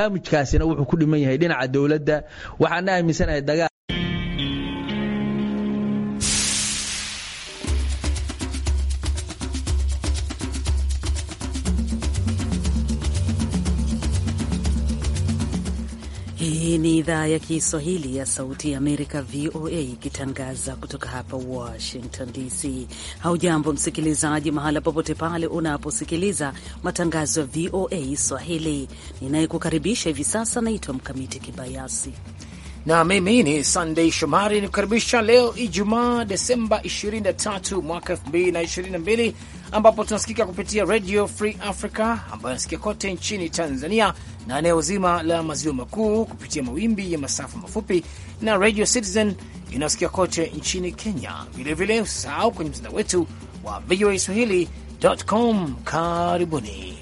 barnaamijkaasina wuxuu ku dhiman yahay dhinaca dowladda waxaana aaminsanahay dagaa Ni idhaa ya Kiswahili ya Sauti ya Amerika, VOA, ikitangaza kutoka hapa Washington DC. Haujambo msikilizaji, mahala popote pale unaposikiliza matangazo ya VOA Swahili. Ninayekukaribisha hivi sasa naitwa Mkamiti Kibayasi na mimi ni Sandei Shomari nikukaribisha leo Ijumaa, Desemba 23 mwaka 2022 ambapo tunasikika kupitia Radio Free Africa ambayo inasikia kote nchini Tanzania na eneo zima la maziwa makuu kupitia mawimbi ya masafa mafupi na Radio Citizen inayosikia kote nchini Kenya. Vilevile usisahau kwenye mtandao wetu wa VOA Swahili.com. Karibuni.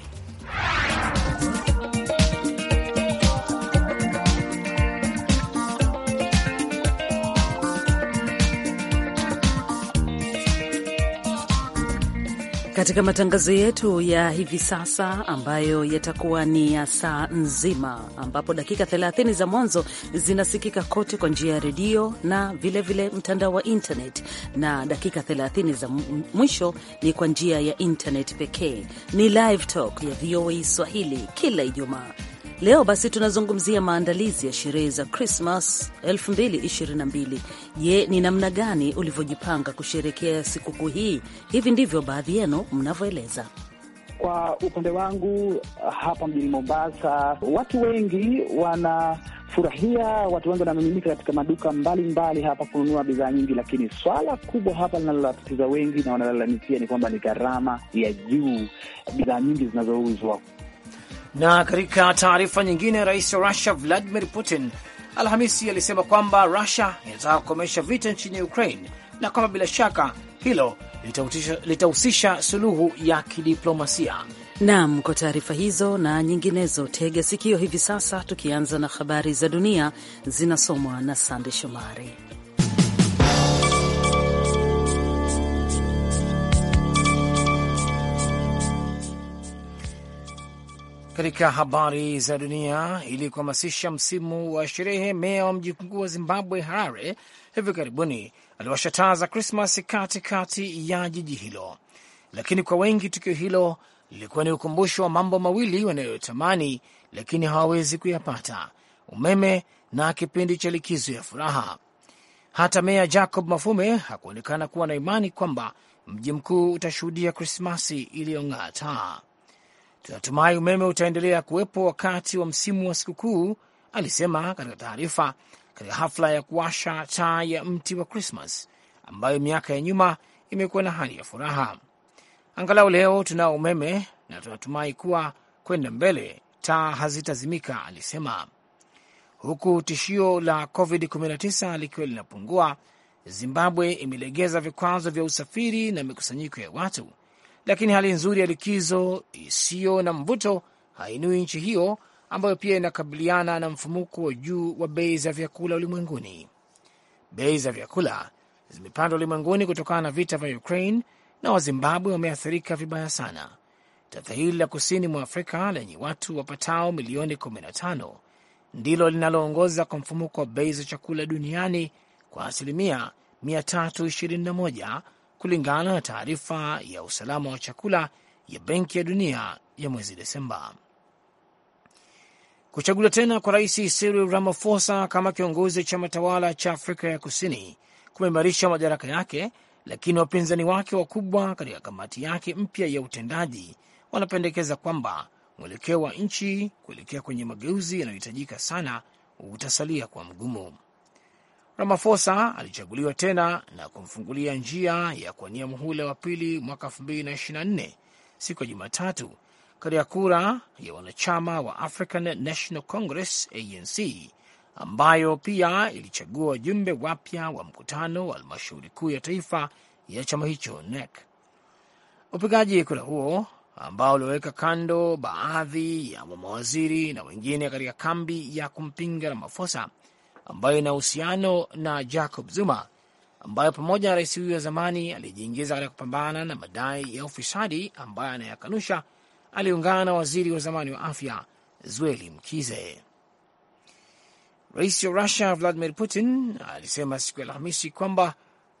katika matangazo yetu ya hivi sasa ambayo yatakuwa ni ya saa nzima, ambapo dakika 30 za mwanzo zinasikika kote kwa njia ya redio na vilevile mtandao wa internet, na dakika 30 za mwisho ni kwa njia ya internet pekee. Ni live talk ya VOA Swahili kila Ijumaa Leo basi tunazungumzia maandalizi ya sherehe za Krismas 2022. Je, ni namna gani ulivyojipanga kusherekea sikukuu hii? Hivi ndivyo baadhi yenu mnavyoeleza. Kwa upande wangu hapa mjini Mombasa, watu wengi wanafurahia, watu wengi wanamiminika katika maduka mbalimbali mbali hapa kununua bidhaa nyingi, lakini swala kubwa hapa linalotatiza wengi na wanalalamikia ni kwamba ni gharama ya juu bidhaa nyingi zinazouzwa na katika taarifa nyingine, rais wa Rusia Vladimir Putin Alhamisi alisema kwamba Rusia inataka kukomesha vita nchini Ukraine na kwamba bila shaka hilo litahusisha suluhu ya kidiplomasia. Naam, kwa taarifa hizo na nyinginezo, tega sikio hivi sasa, tukianza na habari za dunia zinasomwa na Sande Shomari. Katika habari za dunia, ili kuhamasisha msimu wa sherehe, meya wa mji mkuu wa Zimbabwe Harare hivi karibuni aliwasha taa za Krismas katikati ya jiji hilo, lakini kwa wengi tukio hilo lilikuwa ni ukumbusho wa mambo mawili wanayotamani lakini hawawezi kuyapata: umeme na kipindi cha likizo ya furaha. Hata meya Jacob Mafume hakuonekana kuwa na imani kwamba mji mkuu utashuhudia Krismasi iliyong'aa taa tunatumai umeme utaendelea kuwepo wakati wa msimu wa sikukuu, alisema katika taarifa katika hafla ya kuwasha taa ya mti wa Krismas ambayo miaka ya nyuma imekuwa na hali ya furaha. Angalau leo tunao umeme na tunatumai kuwa kwenda mbele taa hazitazimika, alisema. Huku tishio la COVID-19 likiwa linapungua, Zimbabwe imelegeza vikwazo vya usafiri na mikusanyiko ya watu lakini hali nzuri ya likizo isiyo na mvuto hainui nchi hiyo ambayo pia inakabiliana na mfumuko wa juu wa bei za vyakula ulimwenguni. Bei za vyakula zimepandwa ulimwenguni kutokana na vita vya Ukraine na Wazimbabwe wameathirika vibaya sana. Taifa hili la kusini mwa Afrika lenye watu wapatao milioni 15 ndilo linaloongoza kwa mfumuko wa bei za chakula duniani kwa asilimia 321 kulingana na taarifa ya usalama wa chakula ya Benki ya Dunia ya mwezi Desemba. Kuchaguliwa tena kwa Rais Cyril Ramaphosa kama kiongozi wa chama tawala cha Afrika ya Kusini kumeimarisha madaraka yake, lakini wapinzani wake wakubwa katika kamati yake mpya ya utendaji wanapendekeza kwamba mwelekeo wa nchi kuelekea kwenye mageuzi yanayohitajika sana utasalia kwa mgumu ramafosa alichaguliwa tena na kumfungulia njia ya kuwania muhula wa pili mwaka 2024 siku ya Jumatatu katika kura ya wanachama wa African National Congress ANC ambayo pia ilichagua wajumbe wapya wa mkutano wa halmashauri kuu ya taifa ya chama hicho NEC. Upigaji kura huo ambao ulioweka kando baadhi ya mawaziri na wengine katika kambi ya kumpinga ramafosa ambayo ina uhusiano na Jacob Zuma, ambayo pamoja na rais huyo wa zamani aliyejiingiza katika kupambana na madai ya ufisadi ambayo anayakanusha, aliungana na waziri wa zamani wa afya Zweli Mkize. Rais wa Rusia Vladimir Putin alisema siku ya Alhamisi kwamba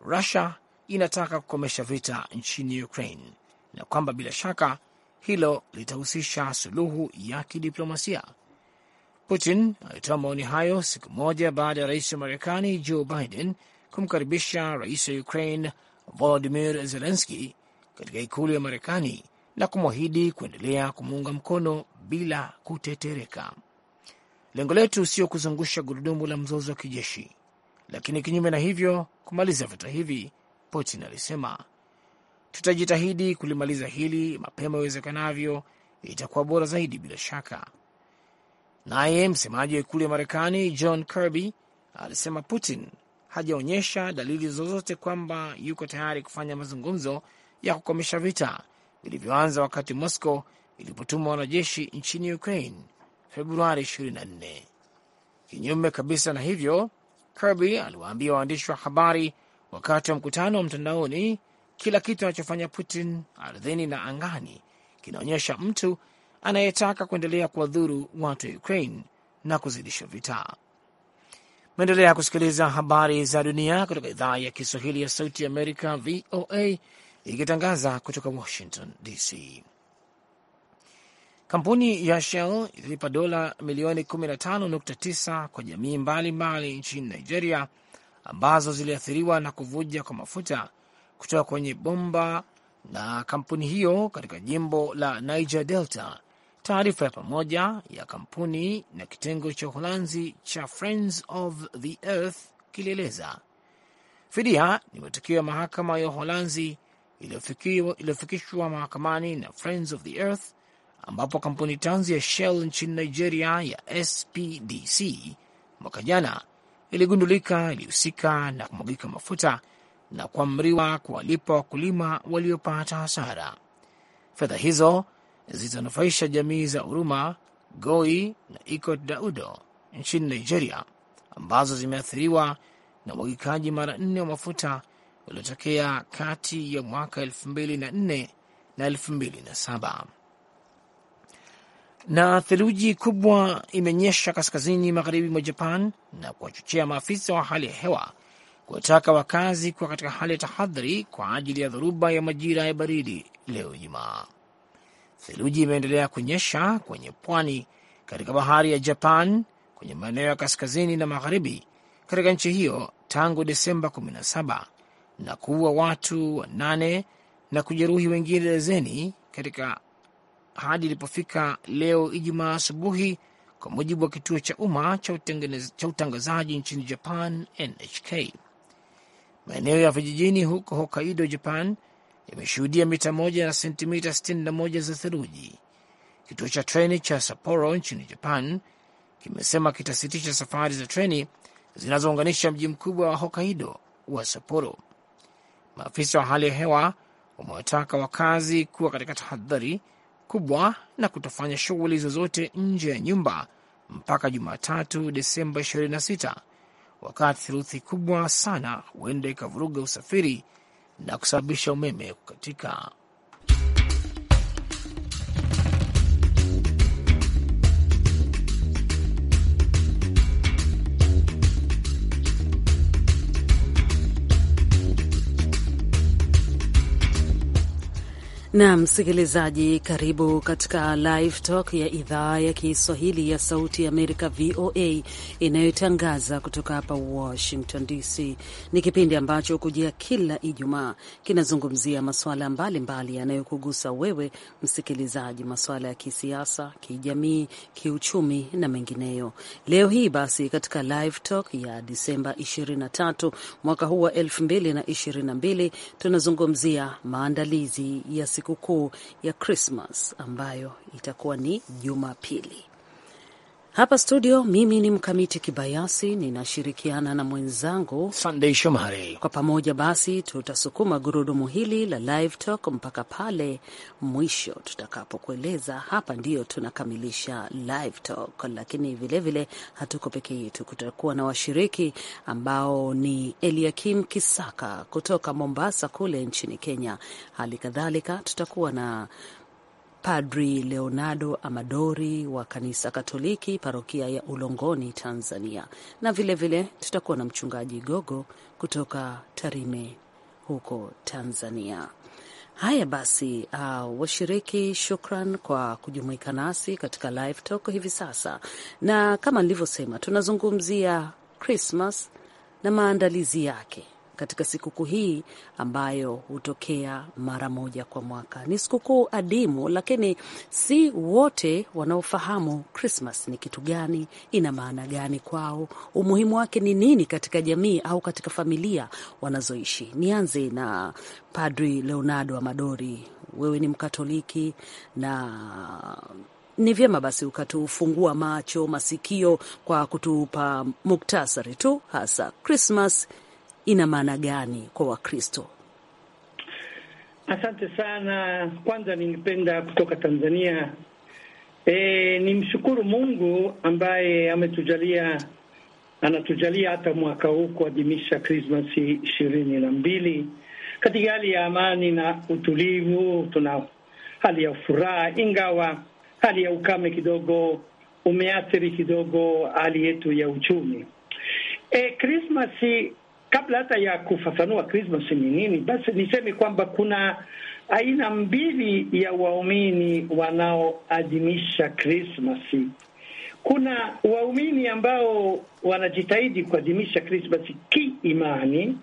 Rusia inataka kukomesha vita nchini Ukraine na kwamba bila shaka hilo litahusisha suluhu ya kidiplomasia Putin alitoa maoni hayo siku moja baada ya rais wa Marekani Joe Biden kumkaribisha rais wa Ukraine Volodimir Zelenski katika ikulu ya Marekani na kumwahidi kuendelea kumuunga mkono bila kutetereka. Lengo letu sio kuzungusha gurudumu la mzozo wa kijeshi, lakini kinyume na hivyo kumaliza vita hivi, Putin alisema. Tutajitahidi kulimaliza hili mapema iwezekanavyo, itakuwa bora zaidi bila shaka. Naye msemaji wa ikulu ya Marekani John Kirby alisema Putin hajaonyesha dalili zozote kwamba yuko tayari kufanya mazungumzo ya kukomesha vita vilivyoanza wakati Moscow ilipotuma wanajeshi nchini Ukraine Februari 24. Kinyume kabisa na hivyo, Kirby aliwaambia waandishi wa habari wakati wa mkutano wa mtandaoni, kila kitu anachofanya Putin ardhini na angani kinaonyesha mtu anayetaka kuendelea kuwadhuru watu wa Ukraine na kuzidisha vita. Maendelea kusikiliza habari za dunia kutoka idhaa ya Kiswahili ya Sauti Amerika, VOA, ikitangaza kutoka Washington DC. Kampuni ya Shell ililipa dola milioni 15.9 kwa jamii mbalimbali nchini Nigeria ambazo ziliathiriwa na kuvuja kwa mafuta kutoka kwenye bomba na kampuni hiyo katika jimbo la Niger Delta Taarifa ya pamoja ya kampuni na kitengo cha Uholanzi cha Friends of the Earth kilieleza fidia ni matukio ya mahakama ya Uholanzi iliyofikishwa mahakamani na Friends of the Earth, ambapo kampuni tanzu ya Shell nchini Nigeria ya SPDC mwaka jana iligundulika ilihusika na kumwagika mafuta na kuamriwa kuwalipa wakulima waliopata hasara. Fedha hizo zilizonufaisha jamii za Uruma, Goi na Ikot Daudo nchini Nigeria, ambazo zimeathiriwa na mwagikaji mara nne wa mafuta uliotokea kati ya mwaka mbili na 2007. Na theluji kubwa imenyesha kaskazini magharibi mwa Japan na kuwachochea maafisa wa hali ya hewa kuwataka wakazi kuwa katika hali ya tahadhari kwa ajili ya dhoruba ya majira ya baridi leo Ijumaa. Theluji imeendelea kunyesha kwenye pwani, katika bahari ya Japan, kwenye maeneo ya kaskazini na magharibi katika nchi hiyo tangu Desemba 17 na kuua watu wanane na kujeruhi wengine dazeni katika hadi ilipofika leo Ijumaa asubuhi, kwa mujibu wa kituo cha umma cha utangazaji nchini Japan, NHK. Maeneo ya vijijini huko Hokkaido, Japan, imeshuhudia mita moja na sentimita 61 za theluji. Kituo cha treni cha Sapporo nchini Japan kimesema kitasitisha safari za treni zinazounganisha mji mkubwa wa Hokkaido wa Sapporo. Maafisa wa hali ya hewa wamewataka wakazi kuwa katika tahadhari kubwa na kutofanya shughuli zozote nje ya nyumba mpaka Jumatatu, Desemba 26, wakati theluthi kubwa sana huenda ikavuruga usafiri na kusababisha umeme kukatika. Na msikilizaji, karibu katika Live Talk ya idhaa ya Kiswahili ya Sauti ya Amerika, VOA, inayotangaza kutoka hapa Washington DC. Ni kipindi ambacho hukujia kila Ijumaa, kinazungumzia masuala mbalimbali yanayokugusa wewe msikilizaji, masuala ya kisiasa, kijamii, kiuchumi na mengineyo. Leo hii basi, katika Live Talk ya Disemba 23 mwaka huu wa 2022, tunazungumzia maandalizi ya sikukuu ya Krismas ambayo itakuwa ni Jumapili. Hapa studio mimi ni Mkamiti Kibayasi, ninashirikiana na mwenzangu sandey Shomari. Kwa pamoja basi tutasukuma gurudumu hili la Live Talk mpaka pale mwisho tutakapokueleza. Hapa ndiyo tunakamilisha Live Talk, lakini vilevile hatuko peke yetu. Kutakuwa na washiriki ambao ni Eliakim Kisaka kutoka Mombasa kule nchini Kenya. Hali kadhalika tutakuwa na Padri Leonardo Amadori wa kanisa Katoliki parokia ya Ulongoni, Tanzania, na vilevile vile, tutakuwa na mchungaji Gogo kutoka Tarime huko Tanzania. Haya basi, uh, washiriki, shukran kwa kujumuika nasi katika live talk hivi sasa, na kama nilivyosema, tunazungumzia crismas na maandalizi yake katika sikukuu hii ambayo hutokea mara moja kwa mwaka. Ni sikukuu adimu, lakini si wote wanaofahamu Krismas ni kitu gani, ina maana gani kwao, umuhimu wake ni nini katika jamii au katika familia wanazoishi. Nianze na Padri Leonardo Amadori. Wewe ni Mkatoliki na ni vyema basi ukatufungua macho, masikio kwa kutupa muktasari tu hasa Krismas ina maana gani kwa Wakristo? Asante sana. Kwanza ningependa kutoka Tanzania e, nimshukuru Mungu ambaye ametujalia anatujalia hata mwaka huu kuadhimisha Krismasi ishirini na mbili katika hali ya amani na utulivu. Tuna hali ya furaha, ingawa hali ya ukame kidogo umeathiri kidogo hali yetu ya uchumi. E, Kabla hata ya kufafanua krismas ni nini, basi niseme kwamba kuna aina mbili ya waumini wanaoadhimisha Krismasi. Kuna waumini ambao wanajitahidi kuadhimisha Krismasi kiimani,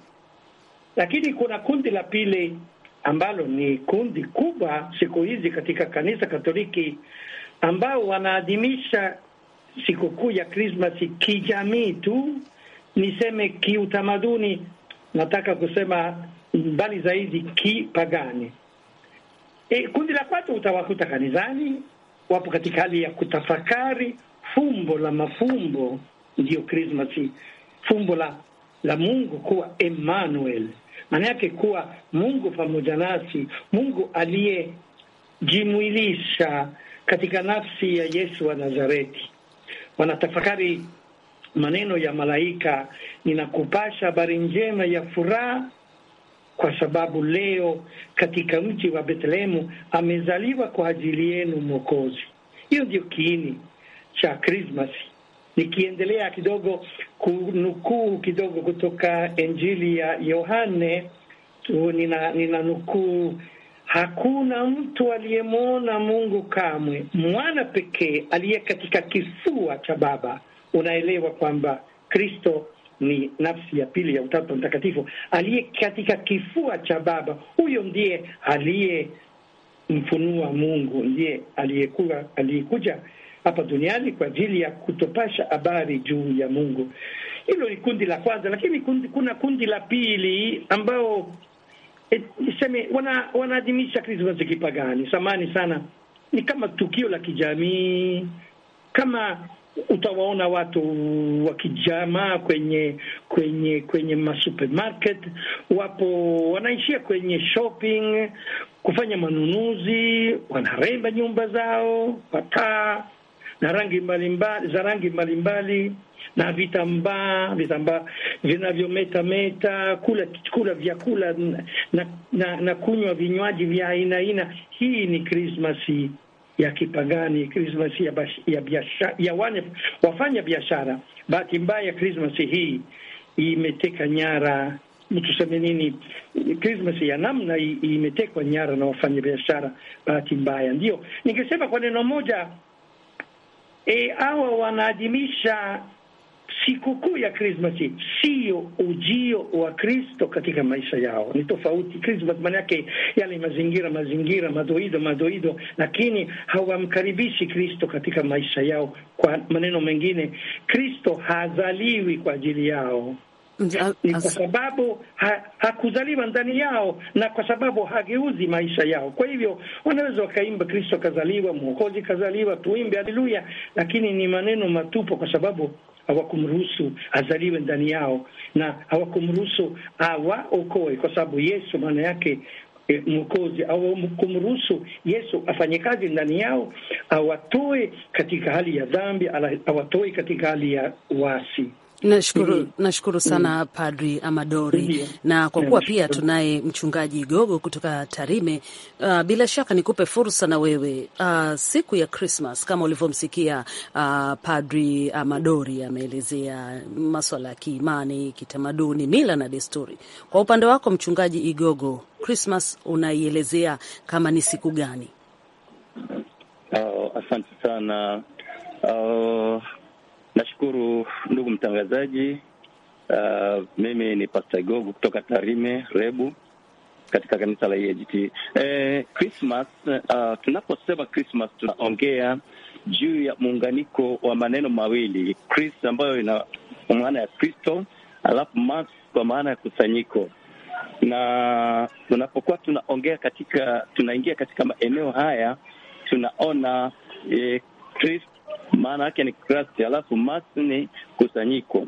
lakini kuna kundi la pili ambalo ni kundi kubwa siku hizi katika kanisa Katoliki ambao wanaadhimisha sikukuu ya Krismasi kijamii tu niseme kiutamaduni, nataka kusema mbali zaidi kipagani. E, kundi la kwanza utawakuta kanisani, wapo katika hali ya kutafakari fumbo la mafumbo, ndiyo Krismasi, fumbo la la Mungu kuwa Emmanuel, maana yake kuwa Mungu pamoja nasi, Mungu aliyejimwilisha katika nafsi ya Yesu wa Nazareti. Wanatafakari maneno ya malaika, ninakupasha habari njema ya furaha kwa sababu leo katika mji wa betlehemu amezaliwa kwa ajili yenu Mwokozi. Hiyo ndio kiini cha Krismasi. Nikiendelea kidogo kunukuu kidogo kutoka Injili ya Yohane, nina, nina nukuu: hakuna mtu aliyemwona Mungu kamwe, mwana pekee aliye katika kifua cha Baba unaelewa kwamba Kristo ni nafsi ya pili ya Utatu Mtakatifu aliye katika kifua cha Baba. Huyo ndiye aliyemfunua Mungu, ndiye aliyekuwa aliyekuja hapa duniani kwa ajili ya kutopasha habari juu ya Mungu. Hilo ni kundi la kwanza, lakini kundi, kuna kundi la pili ambao eh, niseme wana, wanaadhimisha Krismasi kipagani. Samani sana, ni kama tukio la kijamii, kama utawaona watu wakijamaa kwenye kwenye kwenye masupermarket, wapo wanaishia kwenye shopping kufanya manunuzi, wanaremba nyumba zao kwa taa na rangi mbalimbali za rangi mbalimbali na vitambaa vitambaa vinavyometameta, kula kula vyakula na, na, na kunywa vinywaji vya aina aina. Hii ni Krismasi ya kipagani, Krismasi ya, ya, biashara, ya wane, wafanya biashara. Bahati mbaya Krismasi hii imeteka nyara tuseme nini, Christmas ya namna imetekwa nyara na biashara. bahati mbaya. Ndio ningesema kwa neno moja, e, hawa wanaadhimisha sikukuu ya Krismasi sio ujio wa Kristo katika maisha yao, ni tofauti. Krismasi maana yake yale mazingira, mazingira, madoido, madoido, lakini hawamkaribishi Kristo katika maisha yao. Kwa maneno mengine, Kristo hazaliwi kwa ajili yao ni kwa sababu ha, hakuzaliwa ndani yao na kwa sababu hageuzi maisha yao. Kwa hivyo wanaweza wakaimba Kristo akazaliwa mwokozi kazaliwa, tuimbe haleluya, lakini ni maneno matupu, kwa sababu hawakumruhusu azaliwe ndani yao na hawakumruhusu awaokoe, kwa sababu Yesu maana yake E, Mwokozi au Yesu afanye kazi ndani yao, awatoe katika hali ya dhambi, awatoe katika hali ya wasi. Nashukuru, mm-hmm. nashukuru sana mm. Padri Amadori mm. na kwa kuwa pia tunaye mchungaji Gogo kutoka Tarime, uh, bila shaka nikupe fursa na wewe uh, siku ya Krismas kama ulivyomsikia uh, Padri Amadori ameelezea maswala ya kiimani, kitamaduni, mila na desturi. Kwa upande wako mchungaji Igogo, Krismas unaielezea kama ni siku gani? Oh, asante sana. Uh, Nashukuru ndugu mtangazaji. Uh, mimi ni Pastor Gogo kutoka Tarime Rebu katika kanisa la EAGT. Eh, Christmas, uh, tunaposema Christmas tunaongea juu ya muunganiko wa maneno mawili Christ, ambayo ina maana ya Kristo, alafu mass kwa maana ya kusanyiko. Na tunapokuwa tunaongea katika, tunaingia katika maeneo haya tunaona eh, Christ maana yake ni cluster, alafu mass ni kusanyiko.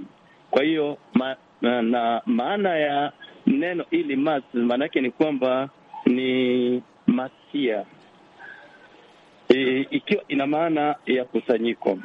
Kwa hiyo ma, na, na maana ya neno ili mass maana yake ni kwamba ni masia e, ikiwa ina maana ya kusanyiko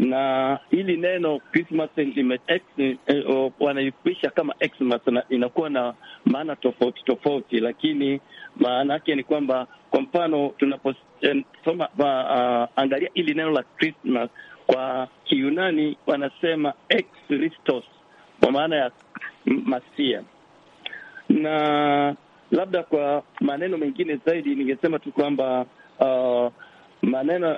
na hili neno Christmas eh, oh, wanaipisha kama Xmas, na inakuwa na maana tofauti tofauti, lakini maana yake ni kwamba, kwa mfano tunaposoma eh, uh, ah, angalia hili neno la Christmas kwa Kiyunani wanasema ex Christos kwa maana ya masia, na labda kwa maneno mengine zaidi ningesema tu kwamba uh, maneno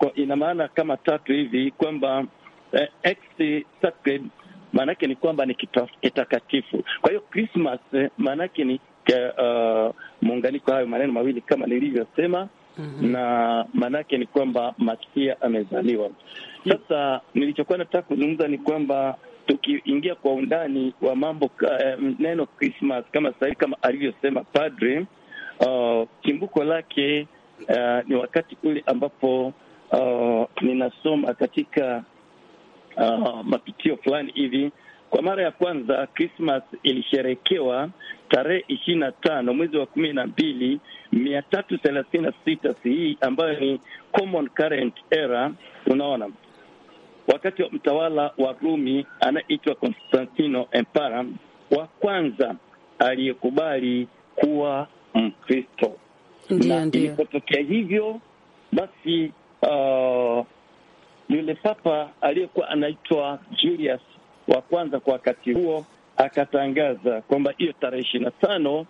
uh, ina maana kama tatu hivi kwamba eh, ex sacred maanake ni kwamba ni kitakatifu. Kwa hiyo Christmas eh, maanake ni uh, muunganiko hayo maneno mawili kama nilivyosema. Mm -hmm. Na maanake ni kwamba Masia amezaliwa. Sasa nilichokuwa nataka kuzungumza ni kwamba tukiingia kwa undani wa mambo eh, neno Christmas kama sahivi kama alivyosema padre uh, chimbuko lake uh, ni wakati ule ambapo uh, ninasoma katika uh, matukio fulani hivi. Kwa mara ya kwanza Krismas ilisherekewa tarehe ishirini na tano mwezi wa kumi na mbili mia tatu thelathini na sita hii ambayo ni common current era. Unaona, wakati wa mtawala wa Rumi anayeitwa Konstantino Empara wa kwanza aliyekubali kuwa Mkristo. Ndiyo, na ilipotokea hivyo basi, uh, yule papa aliyekuwa anaitwa Julius wa kwanza kwa wakati huo akatangaza kwamba hiyo tarehe ishirini na tano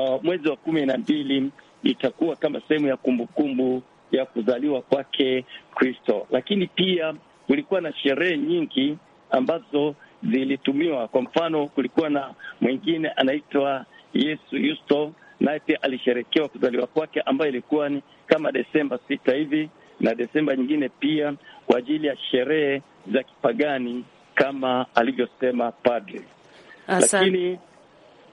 uh, mwezi wa kumi na mbili itakuwa kama sehemu ya kumbukumbu ya kuzaliwa kwake Kristo, lakini pia kulikuwa na sherehe nyingi ambazo zilitumiwa. Kwa mfano, kulikuwa na mwingine anaitwa Yesu Yusto naye pia alisherekewa kuzaliwa kwake ambayo ilikuwa ni kama Desemba sita hivi na Desemba nyingine pia kwa ajili ya sherehe za kipagani kama alivyosema padre. Lakini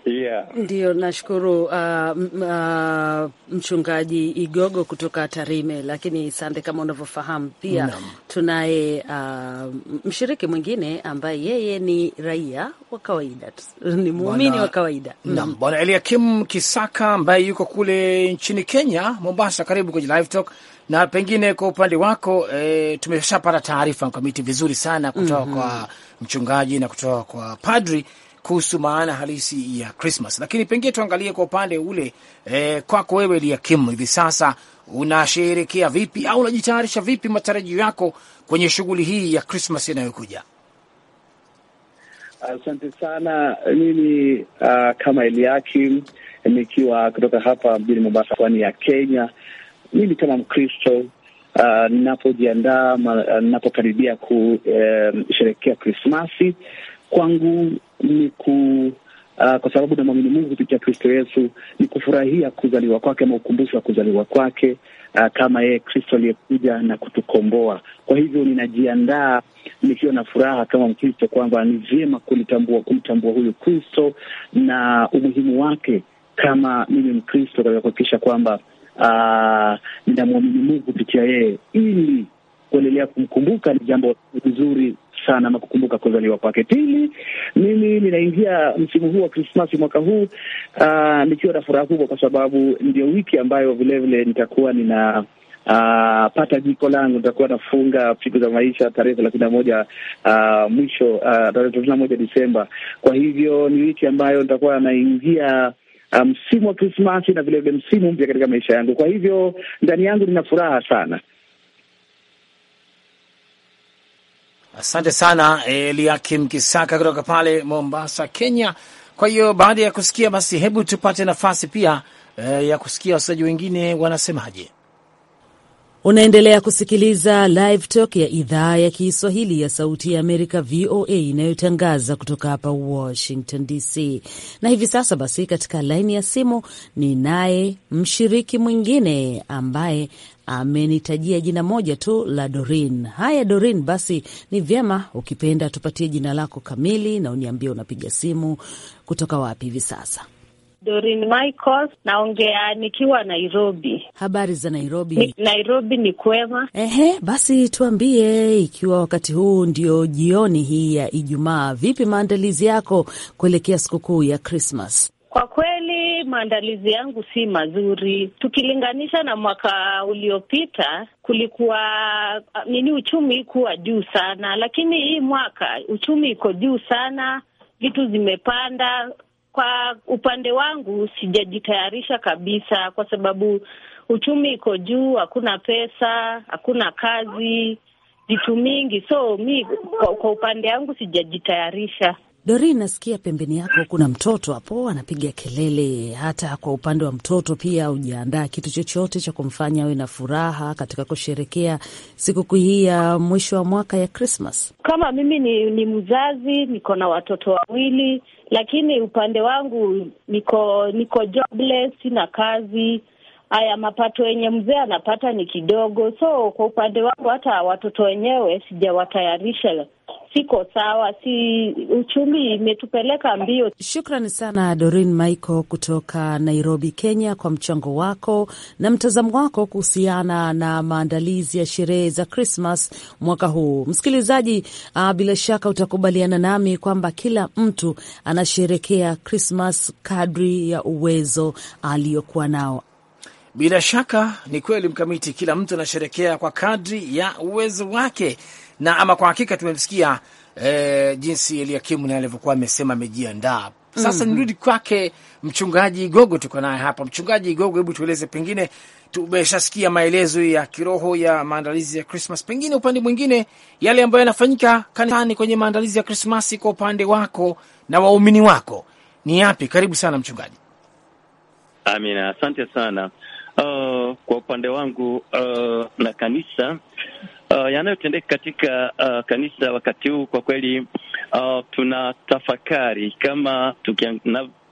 Yeah. Ndio, nashukuru uh, uh, mchungaji Igogo kutoka Tarime, lakini sande, kama unavyofahamu pia tunaye uh, mshiriki mwingine ambaye yeye ni raia wa kawaida, ni muumini wa kawaida nam, mm. Bwana Eliakim Kisaka ambaye yuko kule nchini Kenya, Mombasa. Karibu kwenye Live Talk na pengine kwa upande wako e, tumeshapata taarifa mkamiti vizuri sana kutoka mm -hmm. kwa mchungaji na kutoka kwa padri kuhusu maana halisi ya Krismas, lakini pengine tuangalie kwa upande ule eh, kwako wewe Eliakim, hivi sasa unasherehekea vipi au unajitayarisha vipi, matarajio yako kwenye shughuli hii ya Krismas inayokuja? Asante uh, sana. Mimi uh, kama Eliakim nikiwa kutoka hapa mjini Mombasa, pwani ya Kenya, mimi kama Mkristo ah, ninapojiandaa ninapokaribia uh, eh, kusherekea Krismasi kwangu ni ku Uh, kwa sababu namwamini Mungu kupitia Kristo Yesu ni kufurahia kuzaliwa kwake ama ukumbusho wa kuzaliwa kwake, uh, kama yeye Kristo aliyekuja na kutukomboa. Kwa hivyo ninajiandaa nikiwa na furaha kama Mkristo kwamba ni vyema kulitambua kumtambua huyu Kristo na umuhimu wake kama mimi Mkristo katika kuhakikisha kwamba uh, ninamwamini Mungu kupitia yeye ili kuendelea kumkumbuka ni jambo nzuri sana ama kukumbuka kuzaliwa kwake. Pili, mimi ninaingia msimu huu wa Krismasi mwaka huu uh, nikiwa na furaha kubwa, kwa sababu ndio wiki ambayo vilevile nitakuwa nina Uh, pata jiko langu nitakuwa nafunga siku za maisha tarehe thelathini na moja uh, mwisho uh, tarehe thelathini na moja Disemba. Kwa hivyo ni wiki ambayo nitakuwa naingia msimu um, wa Krismasi na vilevile msimu mpya katika maisha yangu. Kwa hivyo ndani yangu nina furaha sana. Asante sana Eliakim Kisaka kutoka pale Mombasa, Kenya. Kwa hiyo baada ya kusikia basi, hebu tupate nafasi pia eh, ya kusikia wasikilizaji wengine wanasemaje. Unaendelea kusikiliza Live Talk ya idhaa ya Kiswahili ya Sauti ya Amerika, VOA, inayotangaza kutoka hapa Washington DC. Na hivi sasa basi, katika laini ya simu ninaye mshiriki mwingine ambaye amenitajia jina moja tu la Dorin. Haya Dorin, basi ni vyema ukipenda tupatie jina lako kamili na uniambie unapiga simu kutoka wapi hivi sasa. Dorin Michael, naongea nikiwa Nairobi. Habari za Nairobi? Ni, Nairobi ni kwema. Ehe, basi tuambie, ikiwa wakati huu ndio jioni hii ya Ijumaa, vipi maandalizi yako kuelekea sikukuu ya Christmas? Kwa kweli maandalizi yangu si mazuri tukilinganisha na mwaka uliopita. Kulikuwa nini, uchumi kuwa juu sana, lakini hii mwaka uchumi iko juu sana, vitu zimepanda kwa upande wangu sijajitayarisha kabisa, kwa sababu uchumi iko juu, hakuna pesa, hakuna kazi, vitu mingi. So mi kwa, kwa upande wangu sijajitayarisha. Dori, nasikia pembeni yako kuna mtoto hapo anapiga kelele. Hata kwa upande wa mtoto pia hujaandaa kitu chochote cha kumfanya awe na furaha katika kusherekea sikukuu hii ya mwisho wa mwaka ya Krismas. Kama mimi ni, ni mzazi, niko na watoto wawili lakini upande wangu niko niko jobless, sina kazi haya mapato yenye mzee anapata ni kidogo. So kwa upande wangu, hata watoto wenyewe sijawatayarisha, siko sawa, si uchumi imetupeleka mbio. Shukrani sana Doreen Michael kutoka Nairobi, Kenya, kwa mchango wako na mtazamo wako kuhusiana na maandalizi ya sherehe za Krismas mwaka huu. Msikilizaji, uh, bila shaka utakubaliana nami kwamba kila mtu anasherekea Krismas kadri ya uwezo aliyokuwa nao. Bila shaka ni kweli Mkamiti, kila mtu anasherekea kwa kadri ya uwezo wake, na ama kwa hakika tumemsikia e, jinsi Eliakimu naye alivyokuwa amesema amejiandaa. Sasa mm -hmm. Nirudi kwake mchungaji gogo tuko naye hapa. Mchungaji Gogo, hebu tueleze, pengine tumeshasikia maelezo ya kiroho ya maandalizi ya Krismas, pengine upande mwingine yale ambayo yanafanyika kanisani kwenye maandalizi ya Krismasi kwa upande wako na waumini wako ni yapi? Karibu sana mchungaji. Amina, asante sana. Uh, kwa upande wangu uh, na kanisa uh, yanayotendeka katika uh, kanisa wakati huu kwa kweli uh, tuna tafakari kama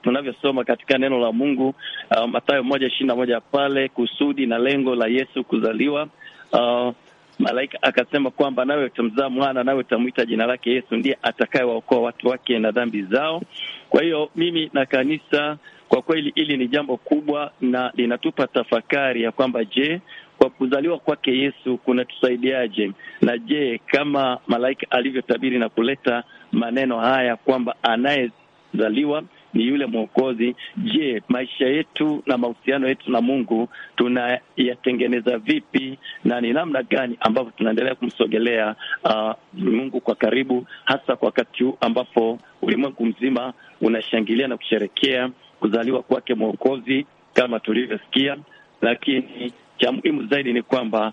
tunavyosoma katika neno la Mungu uh, Mathayo moja ishirini na moja pale kusudi na lengo la Yesu kuzaliwa uh, malaika akasema kwamba nawe utamzaa mwana, nawe utamwita jina lake Yesu, ndiye atakayewaokoa watu wake na dhambi zao. Kwa hiyo mimi na kanisa kwa kweli hili ni jambo kubwa na linatupa tafakari ya kwamba je, kwa kuzaliwa kwake Yesu kunatusaidiaje? Na je, kama malaika alivyotabiri na kuleta maneno haya kwamba anayezaliwa ni yule Mwokozi, je, maisha yetu na mahusiano yetu na Mungu tunayatengeneza vipi, na ni namna gani ambavyo tunaendelea kumsogelea uh, Mungu kwa karibu, hasa kwa wakati huu ambapo ulimwengu mzima unashangilia na kusherekea kuzaliwa kwake Mwokozi kama tulivyosikia, lakini cha muhimu zaidi ni kwamba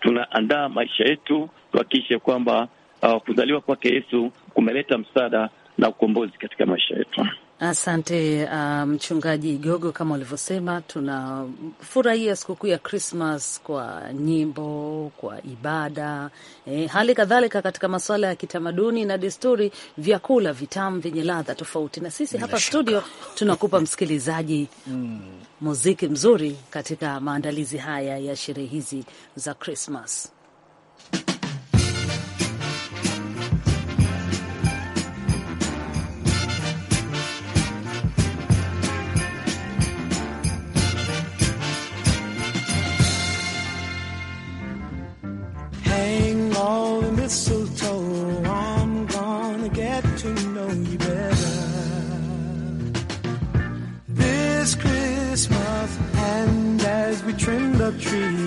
tunaandaa maisha yetu tuhakikishe kwamba uh, kuzaliwa kwake Yesu kumeleta msaada na ukombozi katika maisha yetu. Asante uh, mchungaji um, Gogo, kama ulivyosema, tunafurahia sikukuu ya Krismas kwa nyimbo, kwa ibada e, hali kadhalika katika masuala ya kitamaduni na desturi, vyakula vitamu vyenye ladha tofauti. Na sisi hapa studio tunakupa msikilizaji mm. muziki mzuri katika maandalizi haya ya sherehe hizi za Krismas.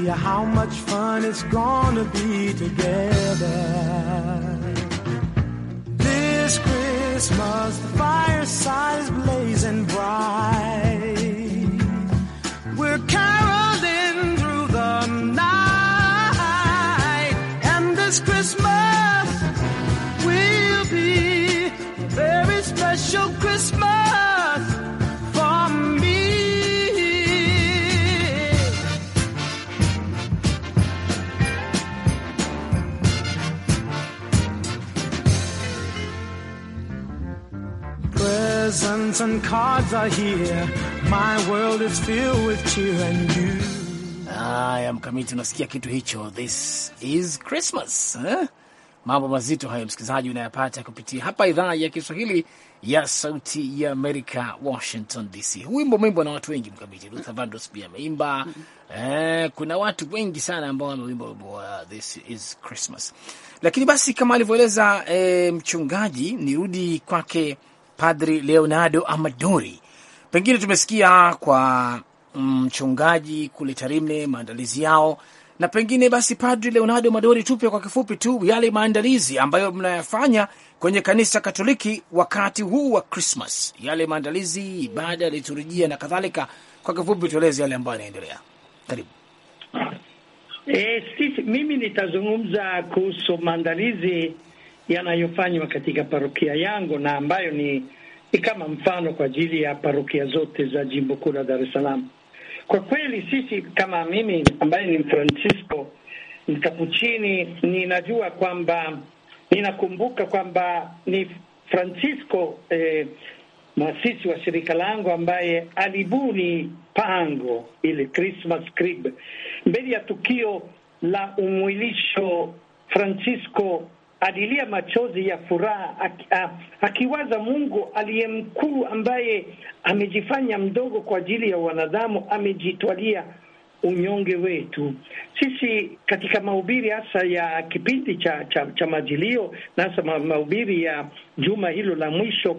you how much fun it's gonna be together. This Christmas, the fireside is blazing bright. lights and cards are here. My world is filled with cheer and you. Haya, mkamiti, unasikia kitu hicho, this is Christmas eh? Mambo mazito hayo, msikilizaji, unayapata kupitia hapa idhaa ya Kiswahili ya Sauti ya Amerika, Washington DC. Huu wimbo umeimba na watu wengi mkamiti, Luther Vandross pia ameimba Eh, kuna watu wengi sana ambao wameimba wimbo uh, this is Christmas. Lakini basi kama alivyoeleza eh, mchungaji, nirudi kwake Padri Leonardo Amadori. Pengine tumesikia kwa mm, mchungaji mm, kule tarime maandalizi yao, na pengine basi, Padri Leonardo Amadori, tupe kwa kifupi tu yale maandalizi ambayo mnayafanya kwenye kanisa Katoliki wakati huu wa Krismas, yale maandalizi, ibada, liturujia na kadhalika. Kwa kifupi, tueleze yale ambayo yanaendelea. Karibu. E, sisi, mimi nitazungumza kuhusu maandalizi yanayofanywa katika parokia yangu na ambayo ni, ni kama mfano kwa ajili ya parokia zote za jimbo kuu la Dar es Salaam. Kwa kweli sisi kama mimi ambaye ni francisco Mkapuchini, ninajua kwamba ninakumbuka kwamba ni Francisco eh, mwasisi wa shirika langu ambaye alibuni pango ile Christmas crib mbele ya tukio la umwilisho Francisco adilia machozi ya furaha ah, akiwaza Mungu aliye mkuu ambaye amejifanya mdogo kwa ajili ya wanadamu, amejitwalia unyonge wetu sisi. Katika mahubiri hasa ya kipindi cha, cha, cha Majilio na hasa mahubiri ya juma hilo la mwisho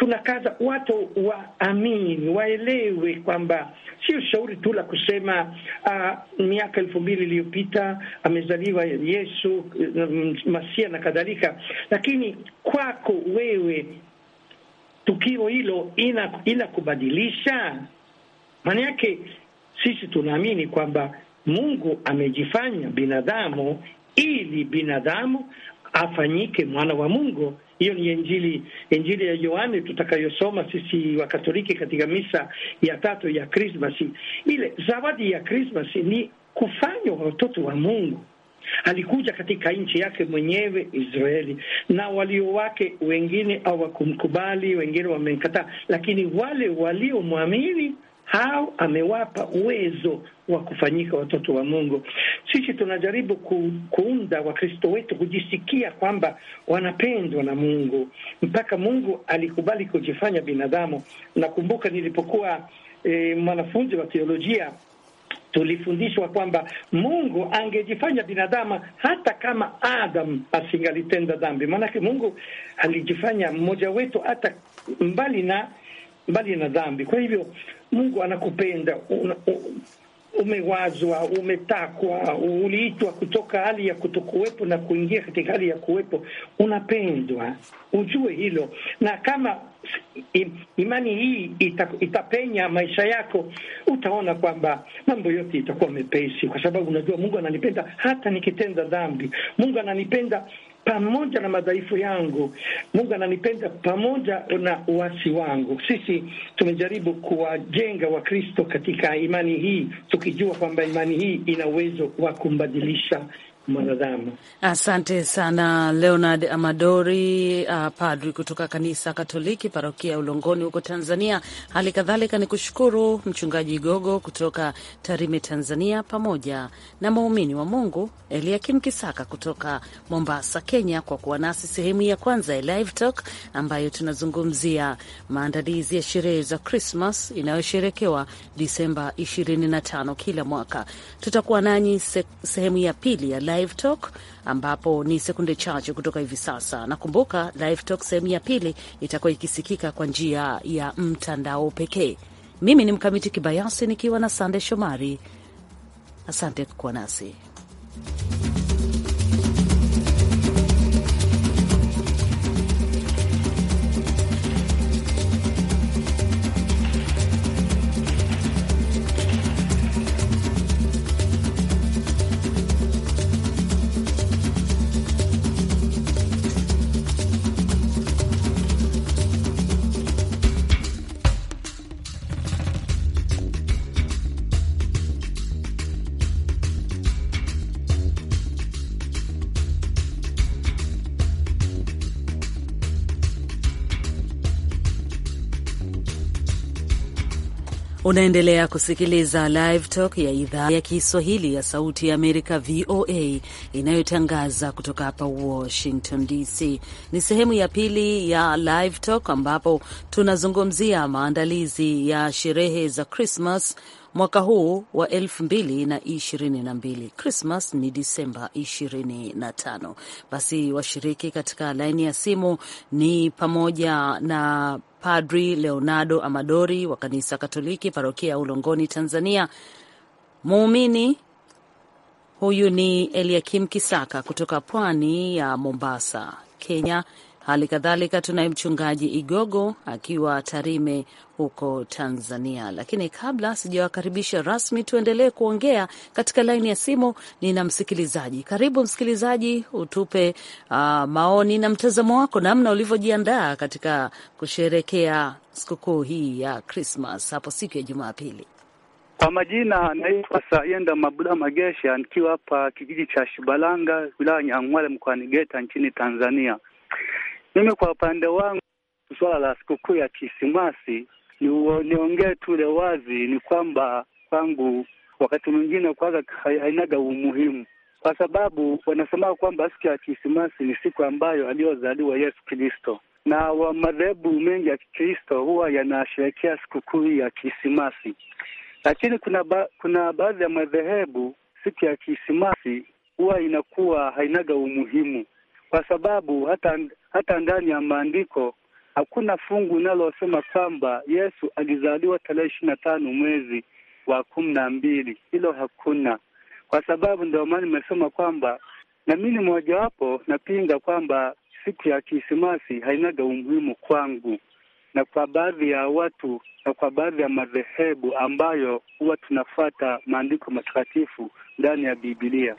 tunakaza watu waamini, waelewe kwamba sio shauri tu la kusema uh, miaka elfu mbili iliyopita amezaliwa Yesu mm, Masia na kadhalika, lakini kwako wewe tukio hilo ina, ina kubadilisha. Maana yake sisi tunaamini kwamba Mungu amejifanya binadamu ili binadamu afanyike mwana wa Mungu hiyo ni Injili, Injili ya Yohane tutakayosoma sisi Wakatoliki katika misa ya tatu ya Krismasi. Ile zawadi ya Krismasi ni kufanywa watoto wa Mungu. Alikuja katika nchi yake mwenyewe Israeli, na walio wake wengine hawakumkubali, wengine wamekataa, lakini wale waliomwamini hao amewapa uwezo wa kufanyika watoto wa Mungu. Sisi tunajaribu ku, kuunda Wakristo wetu kujisikia kwamba wanapendwa na Mungu, mpaka Mungu alikubali kujifanya binadamu. Nakumbuka nilipokuwa e, mwanafunzi wa teolojia tulifundishwa kwamba Mungu angejifanya binadamu hata kama Adam asingalitenda dhambi. Maanake Mungu alijifanya mmoja wetu hata mbali na mbali na dhambi. Kwa hivyo Mungu anakupenda, umewazwa, umetakwa, uliitwa kutoka hali ya kutokuwepo na kuingia katika hali ya kuwepo, unapendwa. Ujue hilo, na kama imani hii ita, itapenya maisha yako, utaona kwamba mambo yote itakuwa mepesi, kwa sababu unajua Mungu ananipenda hata nikitenda dhambi. Mungu ananipenda pamoja na madhaifu yangu, Mungu ananipenda pamoja na uasi wangu. Sisi tumejaribu kuwajenga Wakristo katika imani hii, tukijua kwamba imani hii ina uwezo wa kumbadilisha mwanadamu. Asante sana Leonard Amadori, uh, padri kutoka kanisa Katoliki parokia ya Ulongoni huko Tanzania. Hali kadhalika ni kushukuru mchungaji Gogo kutoka Tarime, Tanzania, pamoja na muumini wa Mungu Eliakim Kisaka kutoka Mombasa, Kenya, kwa kuwa nasi sehemu ya kwanza ya Live Talk ambayo tunazungumzia maandalizi ya sherehe za Krismas inayosherekewa Disemba 25 kila mwaka. Tutakuwa nanyi se sehemu ya pili ya live Live Talk ambapo ni sekunde chache kutoka hivi sasa. Nakumbuka Live Talk sehemu ya pili itakuwa ikisikika kwa njia ya mtandao pekee. Mimi ni Mkamiti Kibayasi nikiwa na Sande Shomari. Asante kwa kuwa nasi. Unaendelea kusikiliza Live Talk ya idhaa ya Kiswahili ya Sauti ya Amerika, VOA, inayotangaza kutoka hapa Washington DC. Ni sehemu ya pili ya Live Talk ambapo tunazungumzia maandalizi ya sherehe za Krismas mwaka huu wa elfu mbili na ishirini na mbili. ni Disemba ishirini na tano. Basi washiriki katika laini ya simu ni pamoja na Padri Leonardo Amadori wa kanisa Katoliki parokia ya Ulongoni, Tanzania. Muumini huyu ni Eliakim Kisaka kutoka pwani ya Mombasa, Kenya. Hali kadhalika tunaye mchungaji Igogo akiwa Tarime huko Tanzania. Lakini kabla sijawakaribisha rasmi, tuendelee kuongea katika laini ya simu. Nina msikilizaji. Karibu msikilizaji, utupe uh, maoni na mtazamo wako namna ulivyojiandaa katika kusherekea sikukuu hii ya Krismas hapo siku ya Jumapili. Kwa majina naitwa Sayenda Mabula Magesha, nikiwa hapa kijiji cha Shibalanga, wilaya Nyang'wale, mkoani geta nchini Tanzania. Mimi kwa upande wangu, suala la sikukuu ya Krismasi, niongee tu le wazi, ni kwamba kwangu wakati mwingine kwanza hainaga umuhimu, kwa sababu wanasema kwamba siku ya Krismasi ni siku ambayo aliyozaliwa Yesu Kristo, na wa madhehebu mengi ya Kikristo huwa yanasherehekea sikukuu ya Krismasi, lakini kuna ba, kuna baadhi ya madhehebu siku ya Krismasi huwa inakuwa hainaga umuhimu, kwa sababu hata hata ndani ya maandiko hakuna fungu linalosema kwamba Yesu alizaliwa tarehe ishirini na tano mwezi wa kumi na mbili. Hilo hakuna, kwa sababu ndio maana nimesema kwamba na mimi ni mojawapo napinga kwamba siku ya Krismasi hainaga umuhimu kwangu na kwa baadhi ya watu na kwa baadhi ya madhehebu ambayo huwa tunafuata maandiko matakatifu ndani ya Biblia.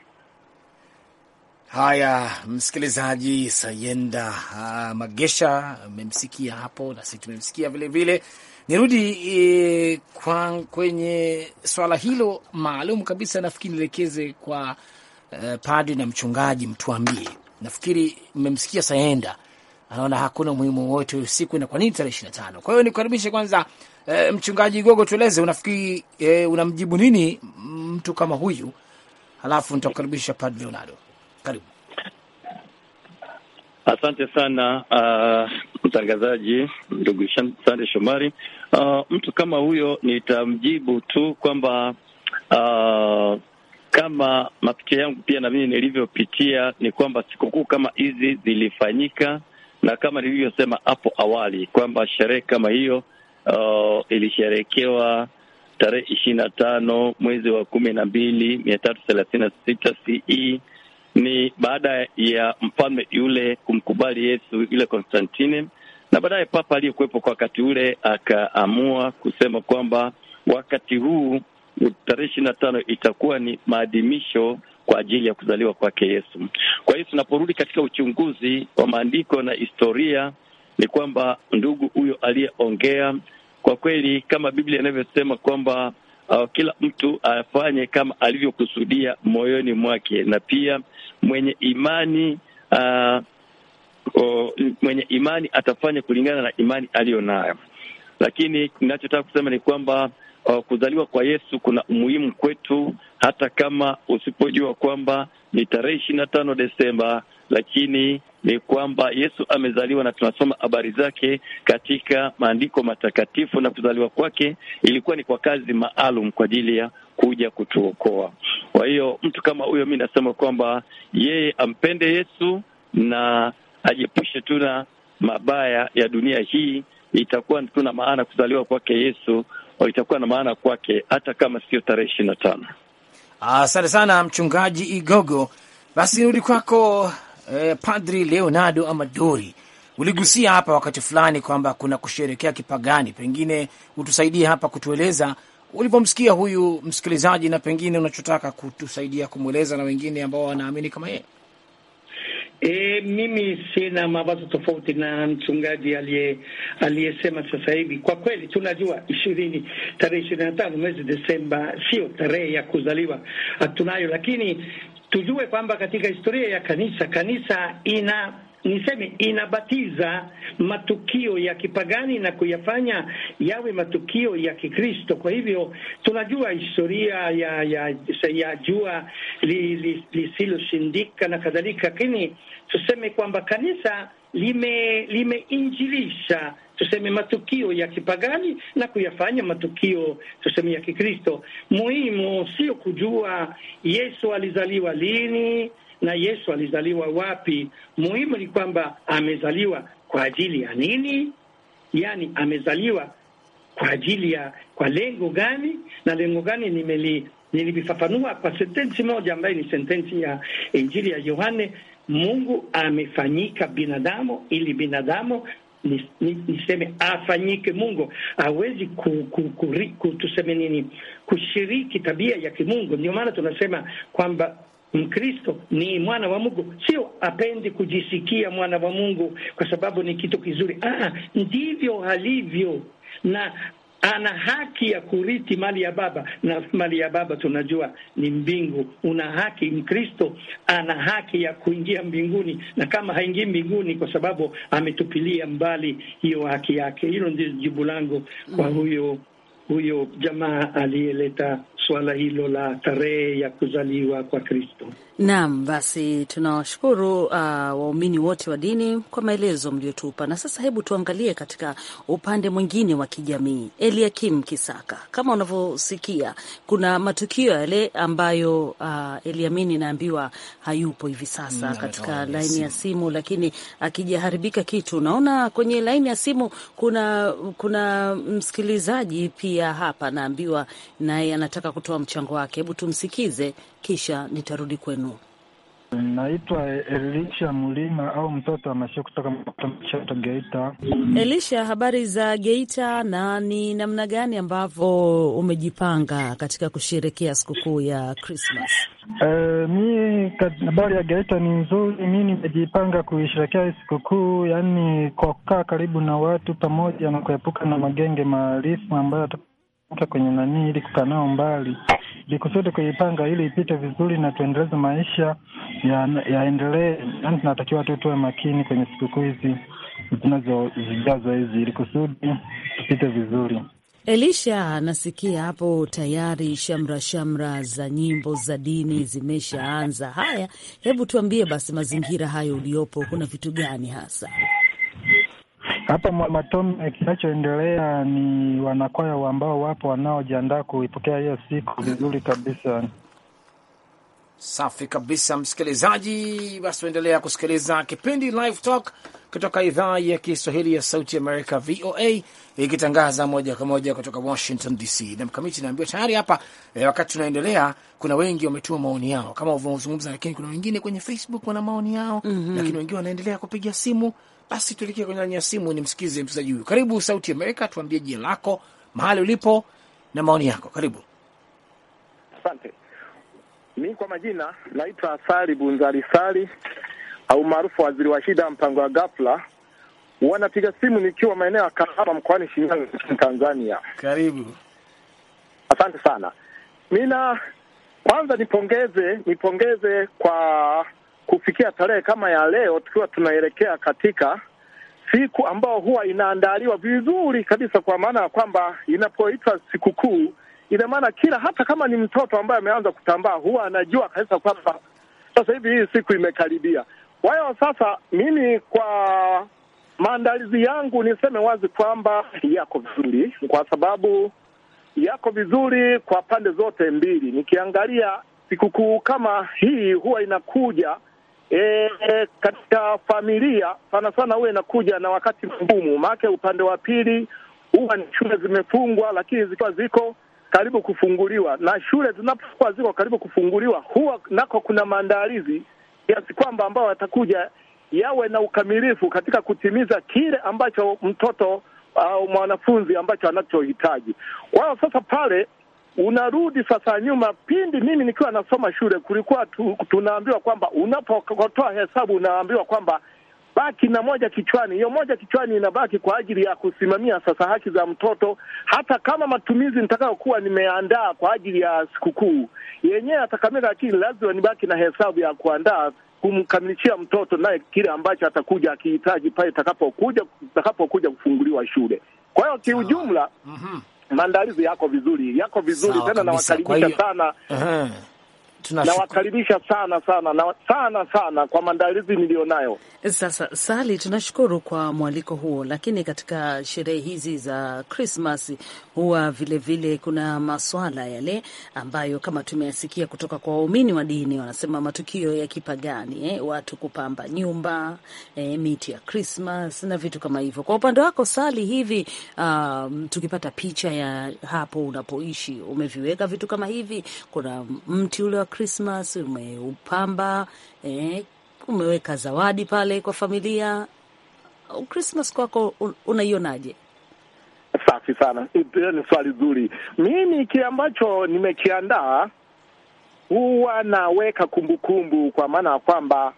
Haya, msikilizaji, Sayenda ah, Magesha mmemsikia hapo, na sisi tumemsikia vilevile. Nirudi e, kwa kwenye swala hilo maalum kabisa, nafikiri nielekeze kwa eh, padri na mchungaji, mtuambie. Nafikiri mmemsikia Sayenda anaona hakuna umuhimu wowote usiku, na kwa nini tarehe ishirini na tano? Kwa hiyo nikukaribishe kwanza, e, mchungaji Gogo, tueleze unafikiri, e, unamjibu nini mtu kama huyu, halafu nitakukaribisha padri Leonardo. Karibu. Asante sana uh, mtangazaji, ndugu Sande Shomari. Uh, mtu kama huyo nitamjibu tu kwamba uh, kama mapitio yangu pia na mimi nilivyopitia ni kwamba sikukuu kama hizi zilifanyika, na kama nilivyosema hapo awali kwamba sherehe kama hiyo uh, ilisherekewa tarehe ishirini na tano mwezi wa kumi na mbili mia tatu thelathini na sita CE ni baada ya mfalme yule kumkubali Yesu yule Konstantine, na baadaye papa aliyekuwepo kwa wakati ule akaamua kusema kwamba wakati huu tarehe ishirini na tano itakuwa ni maadhimisho kwa ajili ya kuzaliwa kwake Yesu. Kwa hiyo tunaporudi katika uchunguzi wa maandiko na historia, ni kwamba ndugu huyo aliyeongea kwa kweli, kama Biblia inavyosema kwamba uh, kila mtu afanye kama alivyokusudia moyoni mwake, na pia mwenye imani uh, O, mwenye imani atafanya kulingana na imani aliyo nayo, lakini ninachotaka kusema ni kwamba uh, kuzaliwa kwa Yesu kuna umuhimu kwetu, hata kama usipojua kwamba ni tarehe ishirini na tano Desemba, lakini ni kwamba Yesu amezaliwa na tunasoma habari zake katika maandiko matakatifu, na kuzaliwa kwake ilikuwa ni kwa kazi maalum kwa ajili ya kuja kutuokoa. Kwa hiyo mtu kama huyo, mi nasema kwamba yeye ampende Yesu na ajiepushe tu na mabaya ya dunia hii. Itakuwa tu na maana kuzaliwa kwake Yesu, itakuwa na maana kwake hata kama sio tarehe ishirini na tano. Asante sana mchungaji Igogo. Basi rudi kwako eh, Padri Leonardo Amadori. Uligusia hapa wakati fulani kwamba kuna kusherekea kipagani, pengine utusaidie hapa kutueleza ulivyomsikia huyu msikilizaji na pengine unachotaka kutusaidia kumweleza na wengine ambao wanaamini kama yeye. E, mimi sina mawazo tofauti na mchungaji aliyesema sasa hivi. Kwa kweli tunajua ishirini tarehe ishirini na tano mwezi Desemba sio tarehe ya kuzaliwa, hatunayo, lakini tujue kwamba katika historia ya kanisa, kanisa ina niseme inabatiza matukio ya kipagani na kuyafanya yawe matukio ya Kikristo. Kwa hivyo tunajua historia ya ya, ya jua lisiloshindika li, li na kadhalika, lakini tuseme kwamba kanisa lime limeinjilisha tuseme matukio ya kipagani na kuyafanya matukio tuseme ya Kikristo. Muhimu sio kujua Yesu alizaliwa lini na Yesu alizaliwa wapi. Muhimu ni kwamba amezaliwa kwa ajili ya nini, yaani amezaliwa kwa ajili ya kwa lengo gani, na lengo gani nimeli nilivifafanua kwa sentensi moja ambayo ni sentensi ya Injili ya Yohane: Mungu amefanyika binadamu ili binadamu niseme ni, ni afanyike Mungu. Hawezi ku, ku, ku, ku, tuseme nini, kushiriki tabia ya Kimungu. Ndio maana tunasema kwamba Mkristo ni mwana wa Mungu, sio apendi kujisikia mwana wa Mungu kwa sababu ni kitu kizuri. Ah, ah, ndivyo halivyo na ana haki ya kurithi mali ya baba, na mali ya baba tunajua ni mbingu. Una haki, Mkristo ana haki ya kuingia mbinguni, na kama haingii mbinguni kwa sababu ametupilia mbali hiyo haki yake. Hilo ndio jibu langu kwa mm. huyo huyo jamaa aliyeleta suala hilo la tarehe ya kuzaliwa kwa Kristo. Naam, basi tunawashukuru uh, waumini wote wa dini kwa maelezo mliotupa, na sasa hebu tuangalie katika upande mwingine wa kijamii. Eliakim Kisaka, kama unavyosikia, kuna matukio yale ambayo uh, Eliamini naambiwa hayupo hivi sasa mm, katika oh, laini ya simu, lakini akijaharibika kitu, unaona kwenye laini ya simu kuna kuna msikilizaji pia kuja hapa, naambiwa naye anataka kutoa mchango wake. Hebu tumsikize, kisha nitarudi kwenu. Naitwa Elisha Mlima au mtoto wa Masho kutoka Mchato, Geita. Elisha, habari za Geita, na ni namna gani ambavyo umejipanga katika kusherekea sikukuu ya Krismas? Uh, eh, mi habari ya Geita ni nzuri. Mi nimejipanga kuisherekea sikukuu, yaani kwa kukaa karibu na watu pamoja na kuepuka na magenge maarifu ambayo hata kwenye nanii ili kukaa nao mbali, ili kusudi kuipanga ili ipite vizuri na tuendeleze maisha yaendelee ya. Yani tunatakiwa tu tuwe makini kwenye sikukuu hizi zinazozijazwa hizi, ili kusudi tupite vizuri. Elisha, nasikia hapo tayari shamra shamra za nyimbo za dini zimeshaanza. Haya, hebu tuambie basi, mazingira hayo uliopo, kuna vitu gani hasa? Hapa Mwamatombe, kinachoendelea ni wanakwaya ambao wapo wanaojiandaa kuipokea hiyo siku vizuri kabisa. Safi kabisa, msikilizaji. Basi uendelea kusikiliza kipindi Live Talk kutoka idhaa ya Kiswahili ya Sauti Amerika, VOA, ikitangaza moja kwa moja kutoka Washington DC. Na Mkamiti naambiwa tayari hapa eh, wakati tunaendelea, kuna wengi wametuma maoni yao kama unavyozungumza, lakini kuna wengine kwenye Facebook wana maoni yao mm -hmm. Lakini wengine wanaendelea kupiga simu basi tuelekee kwenye laini ya simu nimsikize mchezaji huyu. Karibu Sauti Amerika, tuambie jina lako, mahali ulipo na maoni yako. Karibu. Asante. Mi kwa majina naitwa Asari Bunzari Sari au maarufu waziri wa shida, mpango wa ghafla. Wanapiga simu nikiwa maeneo ya Kahama mkoani Shinyanga nchini Tanzania. Karibu. Asante sana. Mina kwanza nipongeze nipongeze kwa kufikia tarehe kama ya leo, tukiwa tunaelekea katika siku ambayo huwa inaandaliwa vizuri kabisa, kwa maana ya kwamba inapoitwa sikukuu, ina maana kila hata kama ni mtoto ambaye ameanza kutambaa huwa anajua kabisa kwamba sasa hivi hii siku imekaribia. Kwa hiyo sasa, mimi kwa maandalizi yangu niseme wazi kwamba yako vizuri, kwa sababu yako vizuri kwa pande zote mbili. Nikiangalia sikukuu kama hii huwa inakuja E, e, katika familia sana sana huwa inakuja na wakati mgumu, maanake upande wa pili huwa ni shule zimefungwa, lakini zikiwa ziko karibu kufunguliwa, na shule zinapokuwa ziko karibu kufunguliwa, huwa nako kuna maandalizi kiasi kwamba ambao watakuja yawe na ukamilifu katika kutimiza kile ambacho mtoto au mwanafunzi ambacho anachohitaji. Kwa hiyo sasa pale unarudi sasa nyuma. Pindi mimi nikiwa nasoma shule, kulikuwa tu, tunaambiwa kwamba unapokotoa hesabu unaambiwa kwamba baki na moja kichwani. Hiyo moja kichwani inabaki kwa ajili ya kusimamia sasa haki za mtoto, hata kama matumizi nitakayokuwa nimeandaa kwa ajili ya sikukuu yenyewe atakamilika, lakini lazima nibaki na hesabu ya kuandaa kumkamilishia mtoto naye kile ambacho atakuja akihitaji pale itakapokuja itakapokuja kufunguliwa shule. Kwa hiyo kiujumla, mm-hmm maandalizi yako vizuri, yako vizuri tena nawakaribisha sana nawakaribisha sana sana na sana sana kwa maandalizi niliyonayo sasa. Sali, tunashukuru kwa mwaliko huo, lakini katika sherehe hizi za Krismas huwa vilevile vile kuna maswala yale ambayo kama tumeyasikia kutoka kwa waumini wa dini, wanasema matukio ya kipagani eh, watu kupamba nyumba eh, miti ya Krismas na vitu kama hivyo. Kwa upande wako Sali, hivi um, tukipata picha ya hapo unapoishi umeviweka vitu kama hivi? Kuna mti ule wa Krismas, umeupamba eh, umeweka zawadi pale kwa familia. Krismas oh, kwako unaionaje? Safi sana, hiyo ni swali zuri. Mimi kile ambacho nimekiandaa huwa naweka kumbukumbu, kwa maana ya kwamba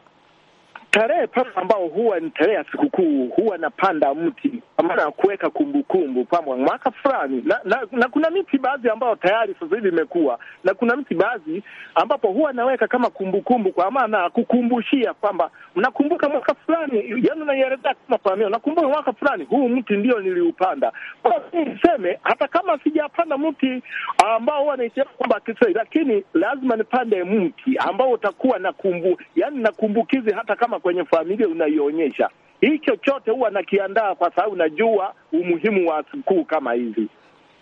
Tarehe pale ambao huwa ni tarehe ya sikukuu, huwa napanda mti kwa maana ya kuweka kumbukumbu Pamwa mwaka fulani na, na, na kuna miti baadhi ambayo tayari sasa hivi imekuwa na kuna miti baadhi ambapo huwa naweka kama kumbukumbu, kwa maana ya kukumbushia kwamba mnakumbuka mwaka fulani, yani unaielezea kama familia, nakumbuka mwaka fulani huu mti ndio niliupanda. Kwa hiyo niseme hata kama sijapanda mti ambao huwa naisema kwamba lakini lazima nipande mti ambao utakuwa na kumbu, yani nakumbukizi hata kama kwenye familia unaionyesha. hii chochote huwa nakiandaa kwa sababu najua umuhimu wa sikukuu kama hizi.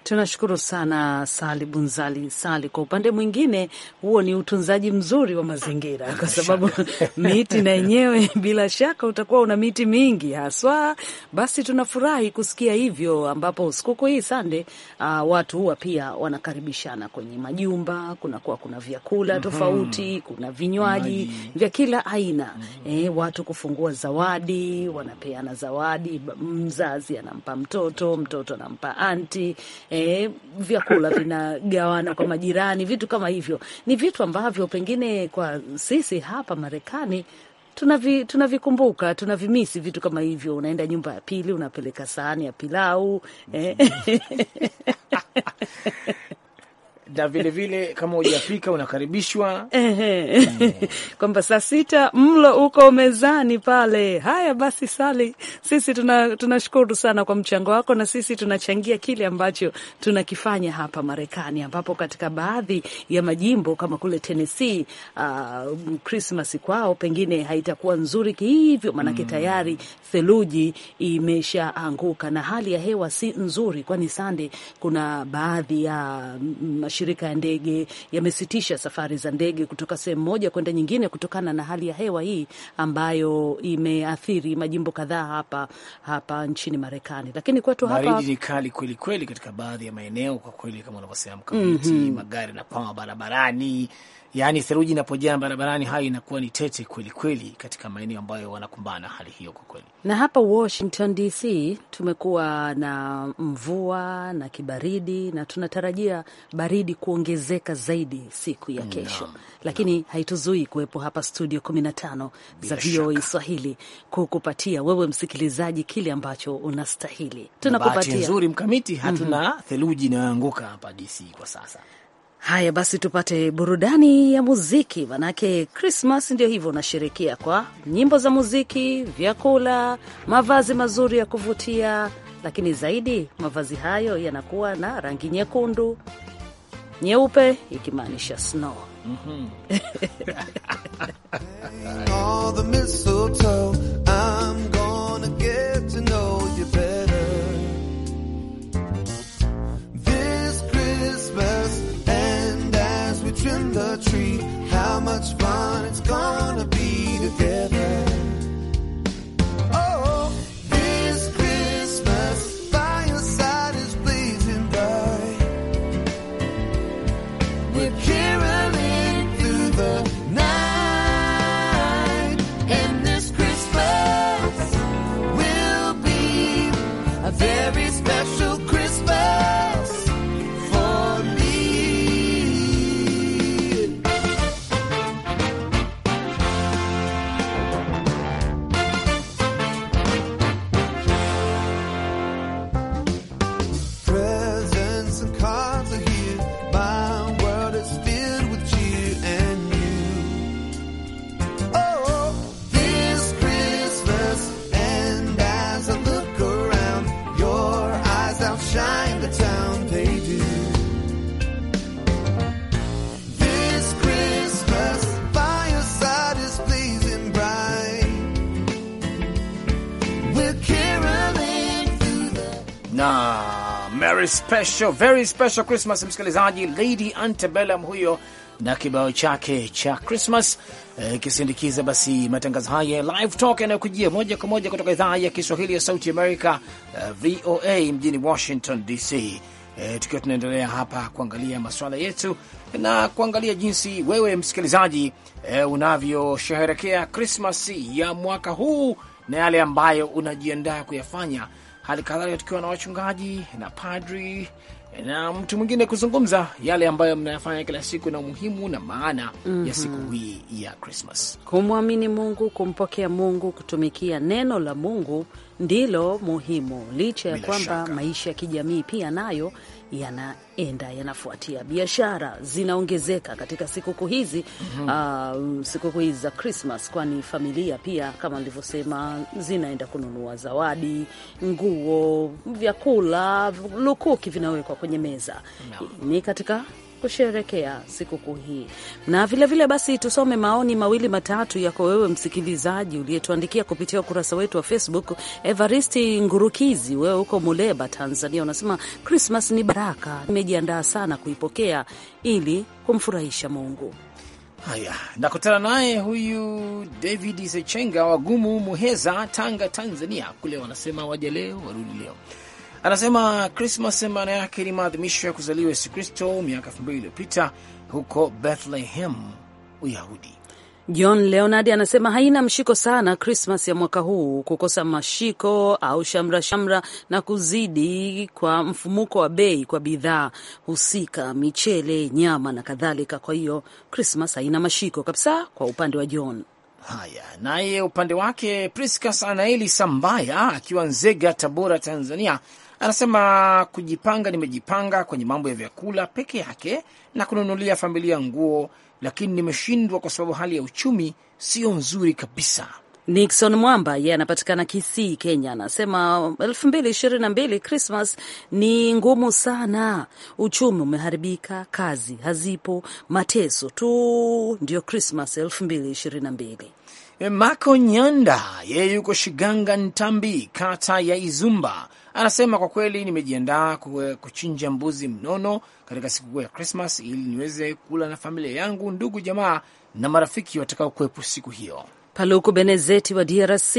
Tunashukuru sana Sali Bunzali Sali. Kwa upande mwingine, huo ni utunzaji mzuri wa mazingira, kwa sababu miti na yenyewe bila shaka utakuwa una miti mingi haswa. Basi tunafurahi kusikia hivyo, ambapo sikukuu hii Sande, uh, watu huwa pia wanakaribishana kwenye majumba, kunakuwa kuna vyakula mhm. tofauti, kuna vinywaji vya kila aina e, watu kufungua zawadi, wanapeana zawadi, mzazi anampa mtoto, mtoto anampa anti eh, vyakula vinagawana kwa majirani, vitu kama hivyo. Ni vitu ambavyo pengine kwa sisi hapa Marekani tunavikumbuka tunavikumbuka tunavimisi vitu kama hivyo. Unaenda nyumba ya pili, unapeleka sahani ya pilau eh. na vilevile kama hujafika unakaribishwa mm. kwamba saa sita mlo uko mezani pale. Haya basi, Sali, sisi tunashukuru tuna sana kwa mchango wako, na sisi tunachangia kile ambacho tunakifanya hapa Marekani, ambapo katika baadhi ya majimbo kama kule Tennessee uh, Krismas kwao pengine haitakuwa nzuri hivyo, maanake mm. tayari theluji imeshaanguka na hali ya hewa si nzuri, kwani sande kuna baadhi ya mm, mashirika ya ndege yamesitisha safari za ndege kutoka sehemu moja kwenda nyingine kutokana na hali ya hewa hii ambayo imeathiri majimbo kadhaa hapa hapa nchini Marekani. Lakini kwetu hapa baridi ni kali kweli kweli katika baadhi ya maeneo kwa kweli, kama unavyosema mkamiti, mm -hmm. magari na kwama barabarani yaani theluji inapojaa barabarani, hayo inakuwa ni tete kweli kweli katika maeneo ambayo wanakumbana hali hiyo kwa kweli. Na hapa Washington DC tumekuwa na mvua na kibaridi, na tunatarajia baridi kuongezeka zaidi siku ya kesho no, lakini no, haituzui kuwepo hapa studio 15 za VOA Swahili kukupatia wewe msikilizaji kile ambacho unastahili. Tunakupatia nzuri mkamiti, hatuna mm -hmm, theluji inayoanguka hapa DC kwa sasa Haya basi, tupate burudani ya muziki, manake Krismas ndio hivyo, unasherekea kwa nyimbo za muziki, vyakula, mavazi mazuri ya kuvutia, lakini zaidi mavazi hayo yanakuwa na rangi nyekundu, nyeupe, ikimaanisha snow. mm -hmm. how much fun it's gonna be together. special, very special Christmas, msikilizaji. Lady Antebellum huyo na kibao chake cha Christmas ikisindikiza eh, e, basi matangazo haya live talk yanayokujia moja kwa moja kutoka idhaa ya Kiswahili ya Sauti Amerika, uh, VOA mjini Washington DC. E, eh, tukiwa tunaendelea hapa kuangalia masuala yetu na kuangalia jinsi wewe msikilizaji, e, unavyosherehekea Krismasi ya mwaka huu na yale ambayo unajiandaa kuyafanya hali kadhalika tukiwa na wachungaji na padri na mtu mwingine kuzungumza yale ambayo mnayafanya kila siku na umuhimu na maana mm -hmm. ya siku mhm. hii ya Krismas. Kumwamini Mungu, kumpokea Mungu, kutumikia neno la Mungu ndilo muhimu, licha ya kwamba maisha ya kijamii pia nayo yanaenda yanafuatia. Biashara zinaongezeka katika sikukuu hizi mm -hmm. uh, sikukuu hizi za Krismas, kwani familia pia kama nilivyosema zinaenda kununua zawadi, nguo, vyakula lukuki vinawekwa kwenye meza no. ni katika kusherekea sikukuu hii. Na vilevile vile basi, tusome maoni mawili matatu yako wewe msikilizaji uliyetuandikia kupitia ukurasa wetu wa Facebook. Evaristi Ngurukizi, wewe huko Muleba, Tanzania, unasema Krismas ni baraka, imejiandaa sana kuipokea ili kumfurahisha Mungu. Haya, nakutana naye huyu David Sechenga wagumu Muheza, Tanga, Tanzania. Kule wanasema waja leo warudi leo Anasema Krismas maana yake ni maadhimisho ya kuzaliwa Yesu Kristo miaka elfu mbili iliyopita huko Bethlehem, Uyahudi. John Leonard anasema haina mshiko sana Krismas ya mwaka huu, kukosa mashiko au shamra shamra na kuzidi kwa mfumuko wa bei kwa bidhaa husika, michele, nyama na kadhalika. Kwa hiyo Krismas haina mashiko kabisa kwa upande wa John. Haya, naye upande wake Priscas Anaeli Sambaya akiwa Nzega, Tabora, Tanzania, Anasema kujipanga, nimejipanga kwenye mambo ya vyakula peke yake na kununulia familia nguo, lakini nimeshindwa kwa sababu hali ya uchumi sio nzuri kabisa. Nixon Mwamba yeye anapatikana Kisii, Kenya, anasema elfu mbili ishirini na mbili Krismas ni ngumu sana, uchumi umeharibika, kazi hazipo, mateso tu ndio Krismas elfu mbili ishirini na mbili. Mako Nyanda yeye yuko Shiganga Ntambi, kata ya Izumba, Anasema kwa kweli, nimejiandaa kuchinja mbuzi mnono katika sikukuu ya Krismas ili niweze kula na familia yangu, ndugu, jamaa na marafiki watakaokuwepo siku hiyo. Paluku Benezeti wa DRC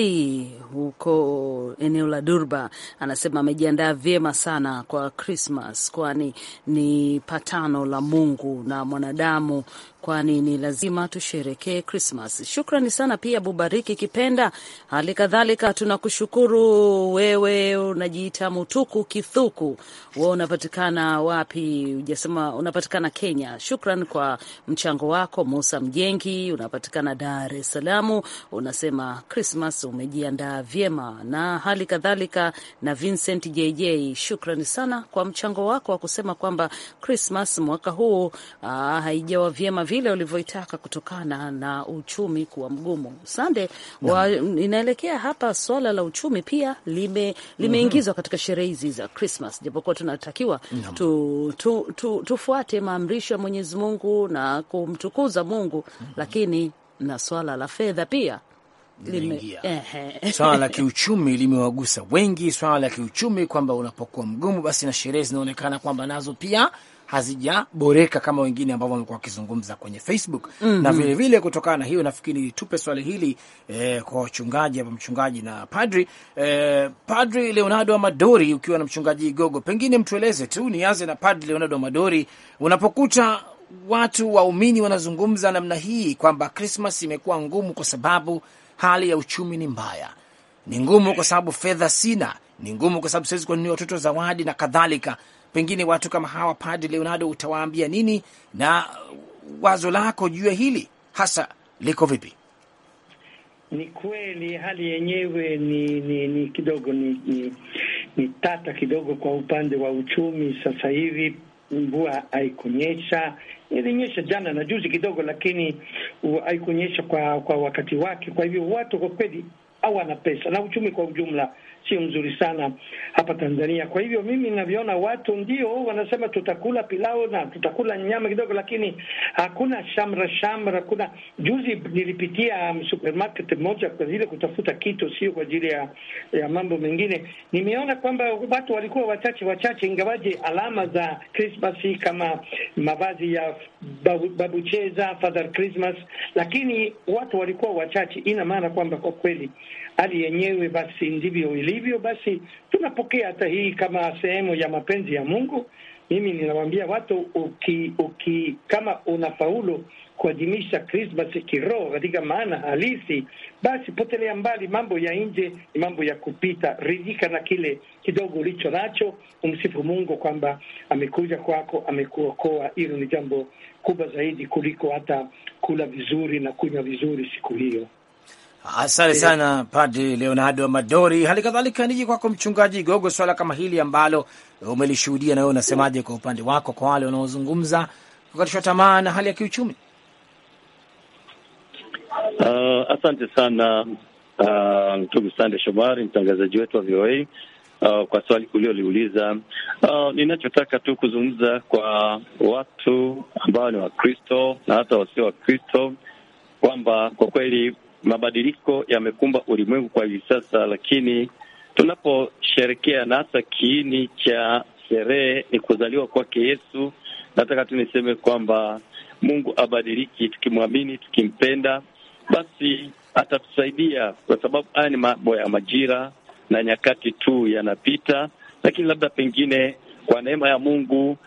huko eneo la Durba anasema amejiandaa vyema sana kwa Krismas, kwani ni patano la Mungu na mwanadamu kwani ni lazima tusherekee Krismas. Shukrani sana pia Bubariki Kipenda, hali kadhalika tunakushukuru wewe. Unajiita Mutuku Kithuku, we unapatikana wapi? Ujasema unapatikana Kenya. Shukran kwa mchango wako. Musa Mjengi unapatikana Dar es Salaam, unasema Krismas umejiandaa vyema, na hali kadhalika na Vincent JJ, shukrani sana kwa mchango wako wa kusema kwamba Krismas mwaka huu ah, haijawa vyema vile ulivyoitaka kutokana na uchumi kuwa mgumu. Sande wa, inaelekea hapa swala la uchumi pia limeingizwa lime mhm. katika sherehe hizi za Krismas, japokuwa tunatakiwa tu, tu, tu, tufuate maamrisho ya Mwenyezi Mungu na kumtukuza Mungu mm -hmm. lakini na swala la fedha pia swala la kiuchumi limewagusa wengi, swala la kiuchumi kwamba unapokuwa mgumu, basi na sherehe zinaonekana kwamba nazo pia hazijaboreka kama wengine ambao wamekuwa wakizungumza kwenye Facebook mm -hmm. Na vilevile mhm. vile kutokana na hiyo nafikiri tupe swali hili eh, kwa wachungaji hapa, mchungaji na padri eh, Padri Leonardo Amadori, ukiwa na mchungaji gogo pengine mtueleze tu, nianze na Padri Leonardo Amadori, unapokuta watu waumini wanazungumza namna hii kwamba Krismas imekuwa ngumu kwa sababu hali ya uchumi ni mbaya, ni ngumu kwa sababu fedha sina, ni ngumu kwa sababu siwezi kununua watoto zawadi na kadhalika pengine watu kama hawa, Padre Leonardo, utawaambia nini na wazo lako juu ya hili hasa liko vipi? Ni kweli hali yenyewe ni ni, ni kidogo ni, ni, ni tata kidogo kwa upande wa uchumi. Sasa hivi mvua haikunyesha, ilinyesha jana na juzi kidogo, lakini haikunyesha kwa kwa wakati wake. Kwa hivyo watu kwa kweli hawana pesa na uchumi kwa ujumla sio mzuri sana hapa Tanzania. Kwa hivyo mimi ninavyoona, watu ndio wanasema tutakula pilau na tutakula nyama kidogo, lakini hakuna shamra shamra. Kuna juzi nilipitia supermarket moja kwa zile kutafuta kitu, sio kwa ajili ya, ya mambo mengine. Nimeona kwamba watu walikuwa wachache wachache, ingawaje alama za Krismasi kama mavazi ya babu, cheza Father Christmas, lakini watu walikuwa wachache. Ina maana kwamba kwa kweli hali yenyewe basi ndivyo ilivyo, basi tunapokea hata hii kama sehemu ya mapenzi ya Mungu. Mimi ninawambia watu uki, uki kama unafaulu kuadhimisha Krismasi kiroho katika maana halisi, basi potelea mbali mambo ya nje, ni mambo ya kupita. Ridhika na kile kidogo ulicho nacho, umsifu Mungu kwamba amekuja kwako, amekuokoa. Hilo ni jambo kubwa zaidi kuliko hata kula vizuri na kunywa vizuri siku hiyo. Asante sana Padri Leonardo Amadori. Hali kadhalika niji kwako Mchungaji Gogo, swala kama hili ambalo umelishuhudia, na wewe unasemaje kwa upande wako, kwa wale wanaozungumza kukatishwa tamaa na hali ya kiuchumi? Uh, asante sana uh, ndugu Sande Shomari, mtangazaji wetu wa VOA uh, kwa swali ulioliuliza. Uh, ninachotaka tu kuzungumza kwa watu ambao ni Wakristo na hata wasio Wakristo kwamba kwa kweli mabadiliko yamekumba ulimwengu kwa hivi sasa, lakini tunaposherekea na hasa kiini cha sherehe ni kuzaliwa kwake Yesu, nataka tu niseme kwamba Mungu abadiliki, tukimwamini tukimpenda basi atatusaidia, kwa sababu haya ni mambo ya majira na nyakati tu yanapita, lakini labda pengine kwa neema ya Mungu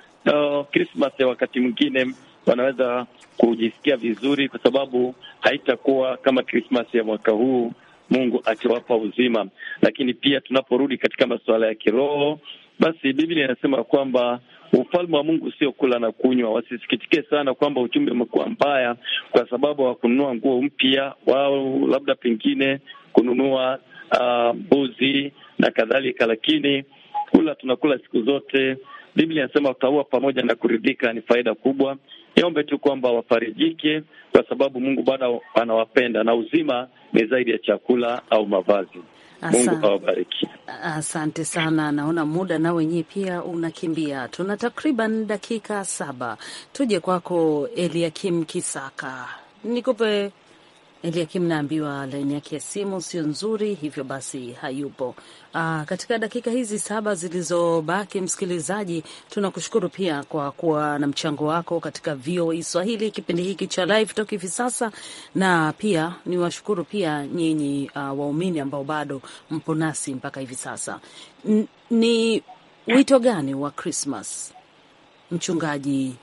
Krismas no, ya wakati mwingine wanaweza kujisikia vizuri, kwa sababu haitakuwa kama Krismas ya mwaka huu, Mungu akiwapa uzima. Lakini pia tunaporudi katika masuala ya kiroho, basi Biblia inasema kwamba Ufalme wa Mungu sio kula na kunywa. Wasisikitike sana kwamba uchumi umekuwa mbaya kwa sababu hawakununua nguo mpya, wao labda pengine kununua ah, mbuzi na kadhalika, lakini kula tunakula siku zote. Biblia inasema utaua pamoja na kuridhika, ni faida kubwa. Niombe tu kwamba wafarijike, kwa sababu Mungu bado anawapenda na uzima ni zaidi ya chakula au mavazi. Mungu awabariki. Asante sana, naona muda na wenyewe pia unakimbia. Tuna takriban dakika saba. Tuje kwako Eliakim Kisaka, nikupe Eliakim naambiwa laini yake ya simu sio nzuri, hivyo basi hayupo. Aa, ah, katika dakika hizi saba zilizobaki, msikilizaji, tunakushukuru pia kwa kuwa na mchango wako katika VOA e Swahili kipindi hiki cha live talk hivi sasa, na pia niwashukuru pia nyinyi uh, waumini ambao bado mpo nasi mpaka hivi sasa. N ni wito gani wa Christmas mchungaji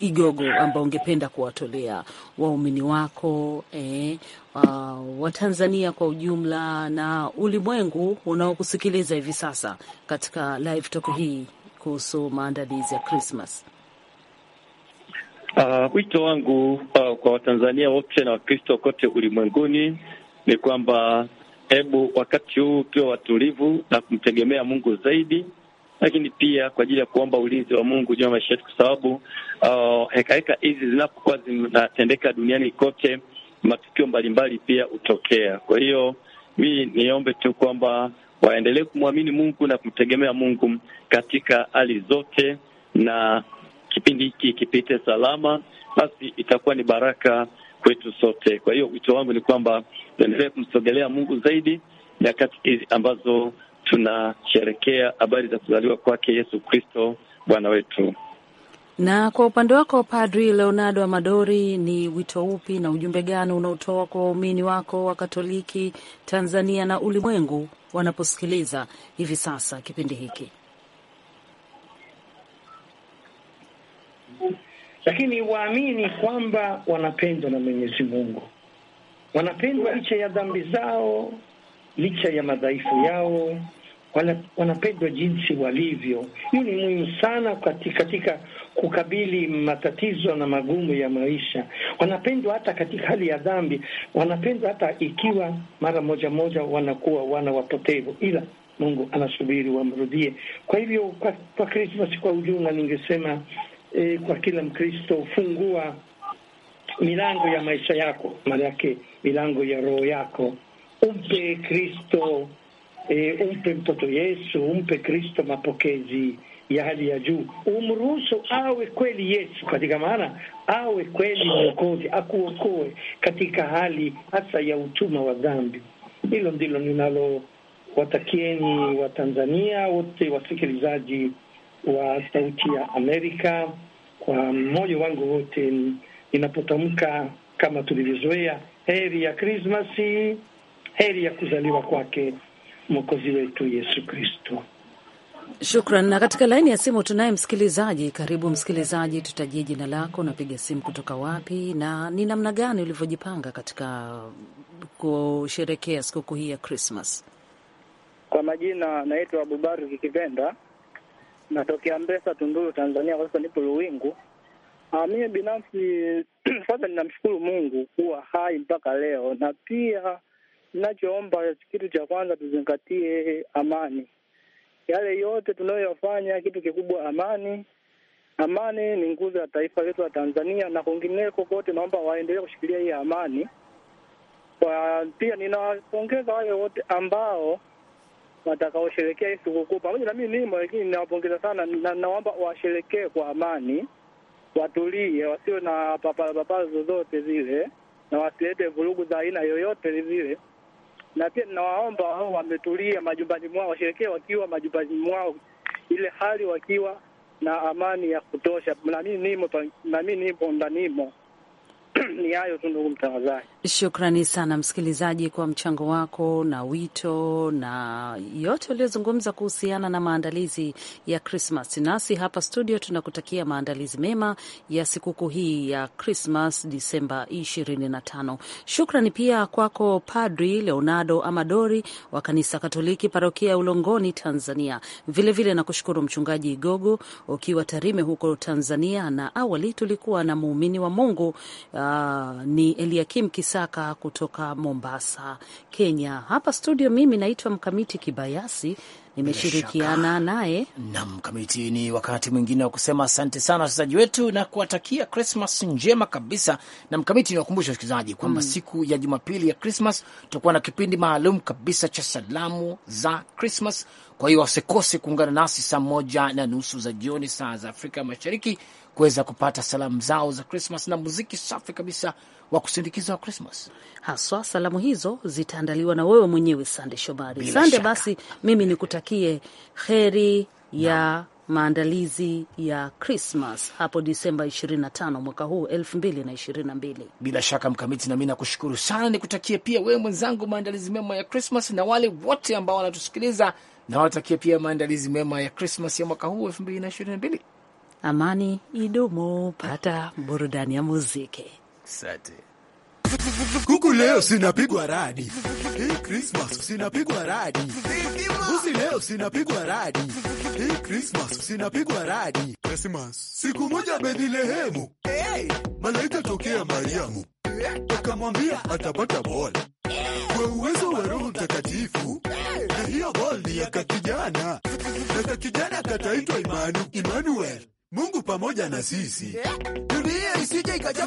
Igogo, ambao ungependa kuwatolea waumini wako eh, wa Watanzania kwa ujumla na ulimwengu unaokusikiliza hivi sasa katika live talk hii kuhusu maandalizi ya crismas Uh, ah, wito wangu uh, kwa Watanzania wote na Wakristo kote ulimwenguni ni kwamba hebu wakati huu ukiwa watulivu na kumtegemea Mungu zaidi lakini pia kwa ajili ya kuomba ulinzi wa Mungu juu ya maisha yetu, kwa sababu uh, hekaheka hizi zinapokuwa zinatendeka duniani kote, matukio mbalimbali pia hutokea. Kwa hiyo mi niombe tu kwamba waendelee kumwamini Mungu na kumtegemea Mungu katika hali zote, na kipindi hiki kipite salama, basi itakuwa ni baraka kwetu sote. Kwa hiyo wito wangu ni kwamba tuendelee kumsogelea Mungu zaidi nyakati hizi ambazo tunasherekea habari za kuzaliwa kwake Yesu Kristo Bwana wetu. Na kwa upande wako Padri Leonardo Amadori, ni wito upi na ujumbe gani unaotoa kwa waumini wako wa Katoliki Tanzania na ulimwengu wanaposikiliza hivi sasa kipindi hiki? Lakini waamini kwamba wanapendwa na Mwenyezi Mungu, wanapendwa licha ya dhambi zao, licha ya madhaifu yao, wanapendwa jinsi walivyo. Hiyo ni muhimu sana katika, katika kukabili matatizo na magumu ya maisha. Wanapendwa hata katika hali ya dhambi, wanapendwa hata ikiwa mara moja moja wanakuwa wana wapotevu, ila Mungu anasubiri wamrudie. Kwa hivyo kwa, kwa Krismasi kwa ujumla, ningesema eh, kwa kila Mkristo fungua milango ya maisha yako, maana yake milango ya roho yako, umpe Kristo E umpe mtoto Yesu, umpe Kristo mapokezi ya hali e e ya juu, umruhusu awe kweli Yesu katika maana, awe kweli Mwokozi, akuokoe katika hali hasa ya utumwa wa dhambi. Hilo ndilo ninalowatakieni Watanzania wote, wasikilizaji wa Sauti ya Amerika, kwa moyo wangu wote ninapotamka kama tulivyozoea, heri ya Krismasi, heri ya kuzaliwa kwake mwokozi wetu Yesu Kristo. Shukran. Na katika laini ya simu tunaye msikilizaji. Karibu msikilizaji, tutajie jina lako, unapiga simu kutoka wapi, na ni namna gani ulivyojipanga katika kusherekea sikukuu hii ya Krismas? Kwa majina naitwa Abubakar Kipenda, natokea Mbesa, Tunduru, Tanzania. Kwa sasa nipo Luwingu. Ah, mimi binafsi kwanza ninamshukuru Mungu kuwa hai mpaka leo, na pia Ninachoomba kitu cha kwanza tuzingatie amani, yale yote tunayoyafanya, kitu kikubwa amani. Amani ni nguzo ya taifa letu la Tanzania na kwingineko kote, naomba waendelee kushikilia hii amani. Kwa pia ninawapongeza wale wote ambao watakaosherekea hii sikukuu pamoja na mimi nimo, lakini ninawapongeza sana na naomba washerekee kwa amani, watulie, wasiwe na papalapapala zozote zile na wasilete vurugu za aina yoyote zile na pia ninawaomba wao wametulia majumbani mwao, washerekee wakiwa majumbani mwao, ile hali wakiwa na amani ya kutosha. Nami nimo ndanimo. Ni hayo tu, ndugu mtangazaji. Shukrani sana msikilizaji kwa mchango wako na wito na yote uliozungumza kuhusiana na maandalizi ya Krismas. Nasi hapa studio tunakutakia maandalizi mema ya sikukuu hii ya Krismas Disemba 25. Shukrani pia kwako Padri Leonardo Amadori wa Kanisa Katoliki parokia ya Ulongoni, Tanzania. Vilevile nakushukuru Mchungaji Igogo ukiwa Tarime huko Tanzania, na awali tulikuwa na muumini wa Mungu uh, ni Eliakim Isaka kutoka Mombasa, Kenya. Hapa studio mimi naitwa Mkamiti Kibayasi, nimeshirikiana naye na Mkamiti. Ni wakati mwingine wa kusema asante sana wachezaji wetu na kuwatakia Krismas njema kabisa. Na Mkamiti, niwakumbusha wasikilizaji kwamba mm, siku ya Jumapili ya Krismas tutakuwa na kipindi maalum kabisa cha salamu za Krismas kwa hiyo wasikose kuungana nasi saa moja na nusu za jioni saa za Afrika Mashariki kuweza kupata salamu zao za Krismas na muziki safi kabisa wa kusindikiza wa Krismas. Haswa salamu hizo zitaandaliwa na wewe mwenyewe Sande Shomari. Sande, basi mimi nikutakie heri ya no maandalizi ya Krismas hapo Disemba 25 mwaka huu 2022. Bila shaka Mkamiti, nami nakushukuru sana, nikutakie pia wewe mwenzangu maandalizi mema ya Krismas na wale wote ambao wanatusikiliza na watakie pia maandalizi mema ya Krismas ya mwaka huu 2022. Amani idumu. Pata burudani ya muziki. Asante. Kuku leo sinapigwa radi. Hii Christmas sinapigwa radi. Usi leo sinapigwa radi. Hii Christmas sinapigwa radi. Christmas. Siku moja Bethlehemu. Hey. Malaika tokea Mariamu. Akamwambia atapata bola. Kwa uwezo wa Roho Mtakatifu. Na hiyo bola ni ya kakijana. Na kakijana kataitwa Imanu. Immanuel. Mungu pamoja na sisi, eh? dunia isije ikajaa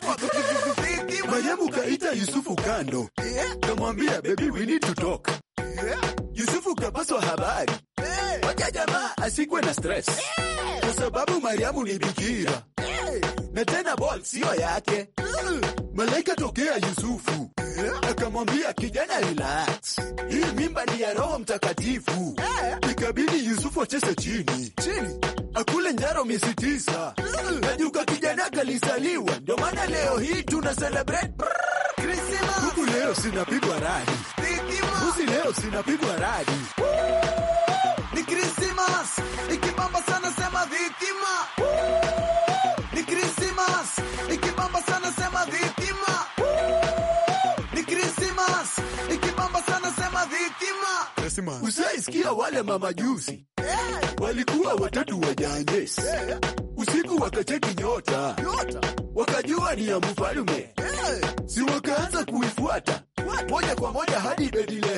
eh? Mariamu kaita Yusufu kando, eh? kamwambia baby, we need to talk. Yusufu kapaswa habari, wacha jamaa asikwe na stress, kwa sababu Mariamu ni bikira na tena ball sio yake. Malaika tokea Yusufu akamwambia kijana, relax, hii mimba ni ya Roho Mtakatifu. Ikabidi Yusufu acheze chini chini, akule njaro miezi tisa, na kijana kalisaliwa. Ndio maana leo hii tuna celebrate Christmas. Huku leo sinapigwa radi, usi leo sinapigwa radi, ni Krisimas ikibamba sana, sema dhikima anasema usaisikia wale mamajusi walikuwa watatu wa usiku wakacheki nyota wakajua ni ya mfalume si wakaanza kuifuata moja kwa moja hadi Betile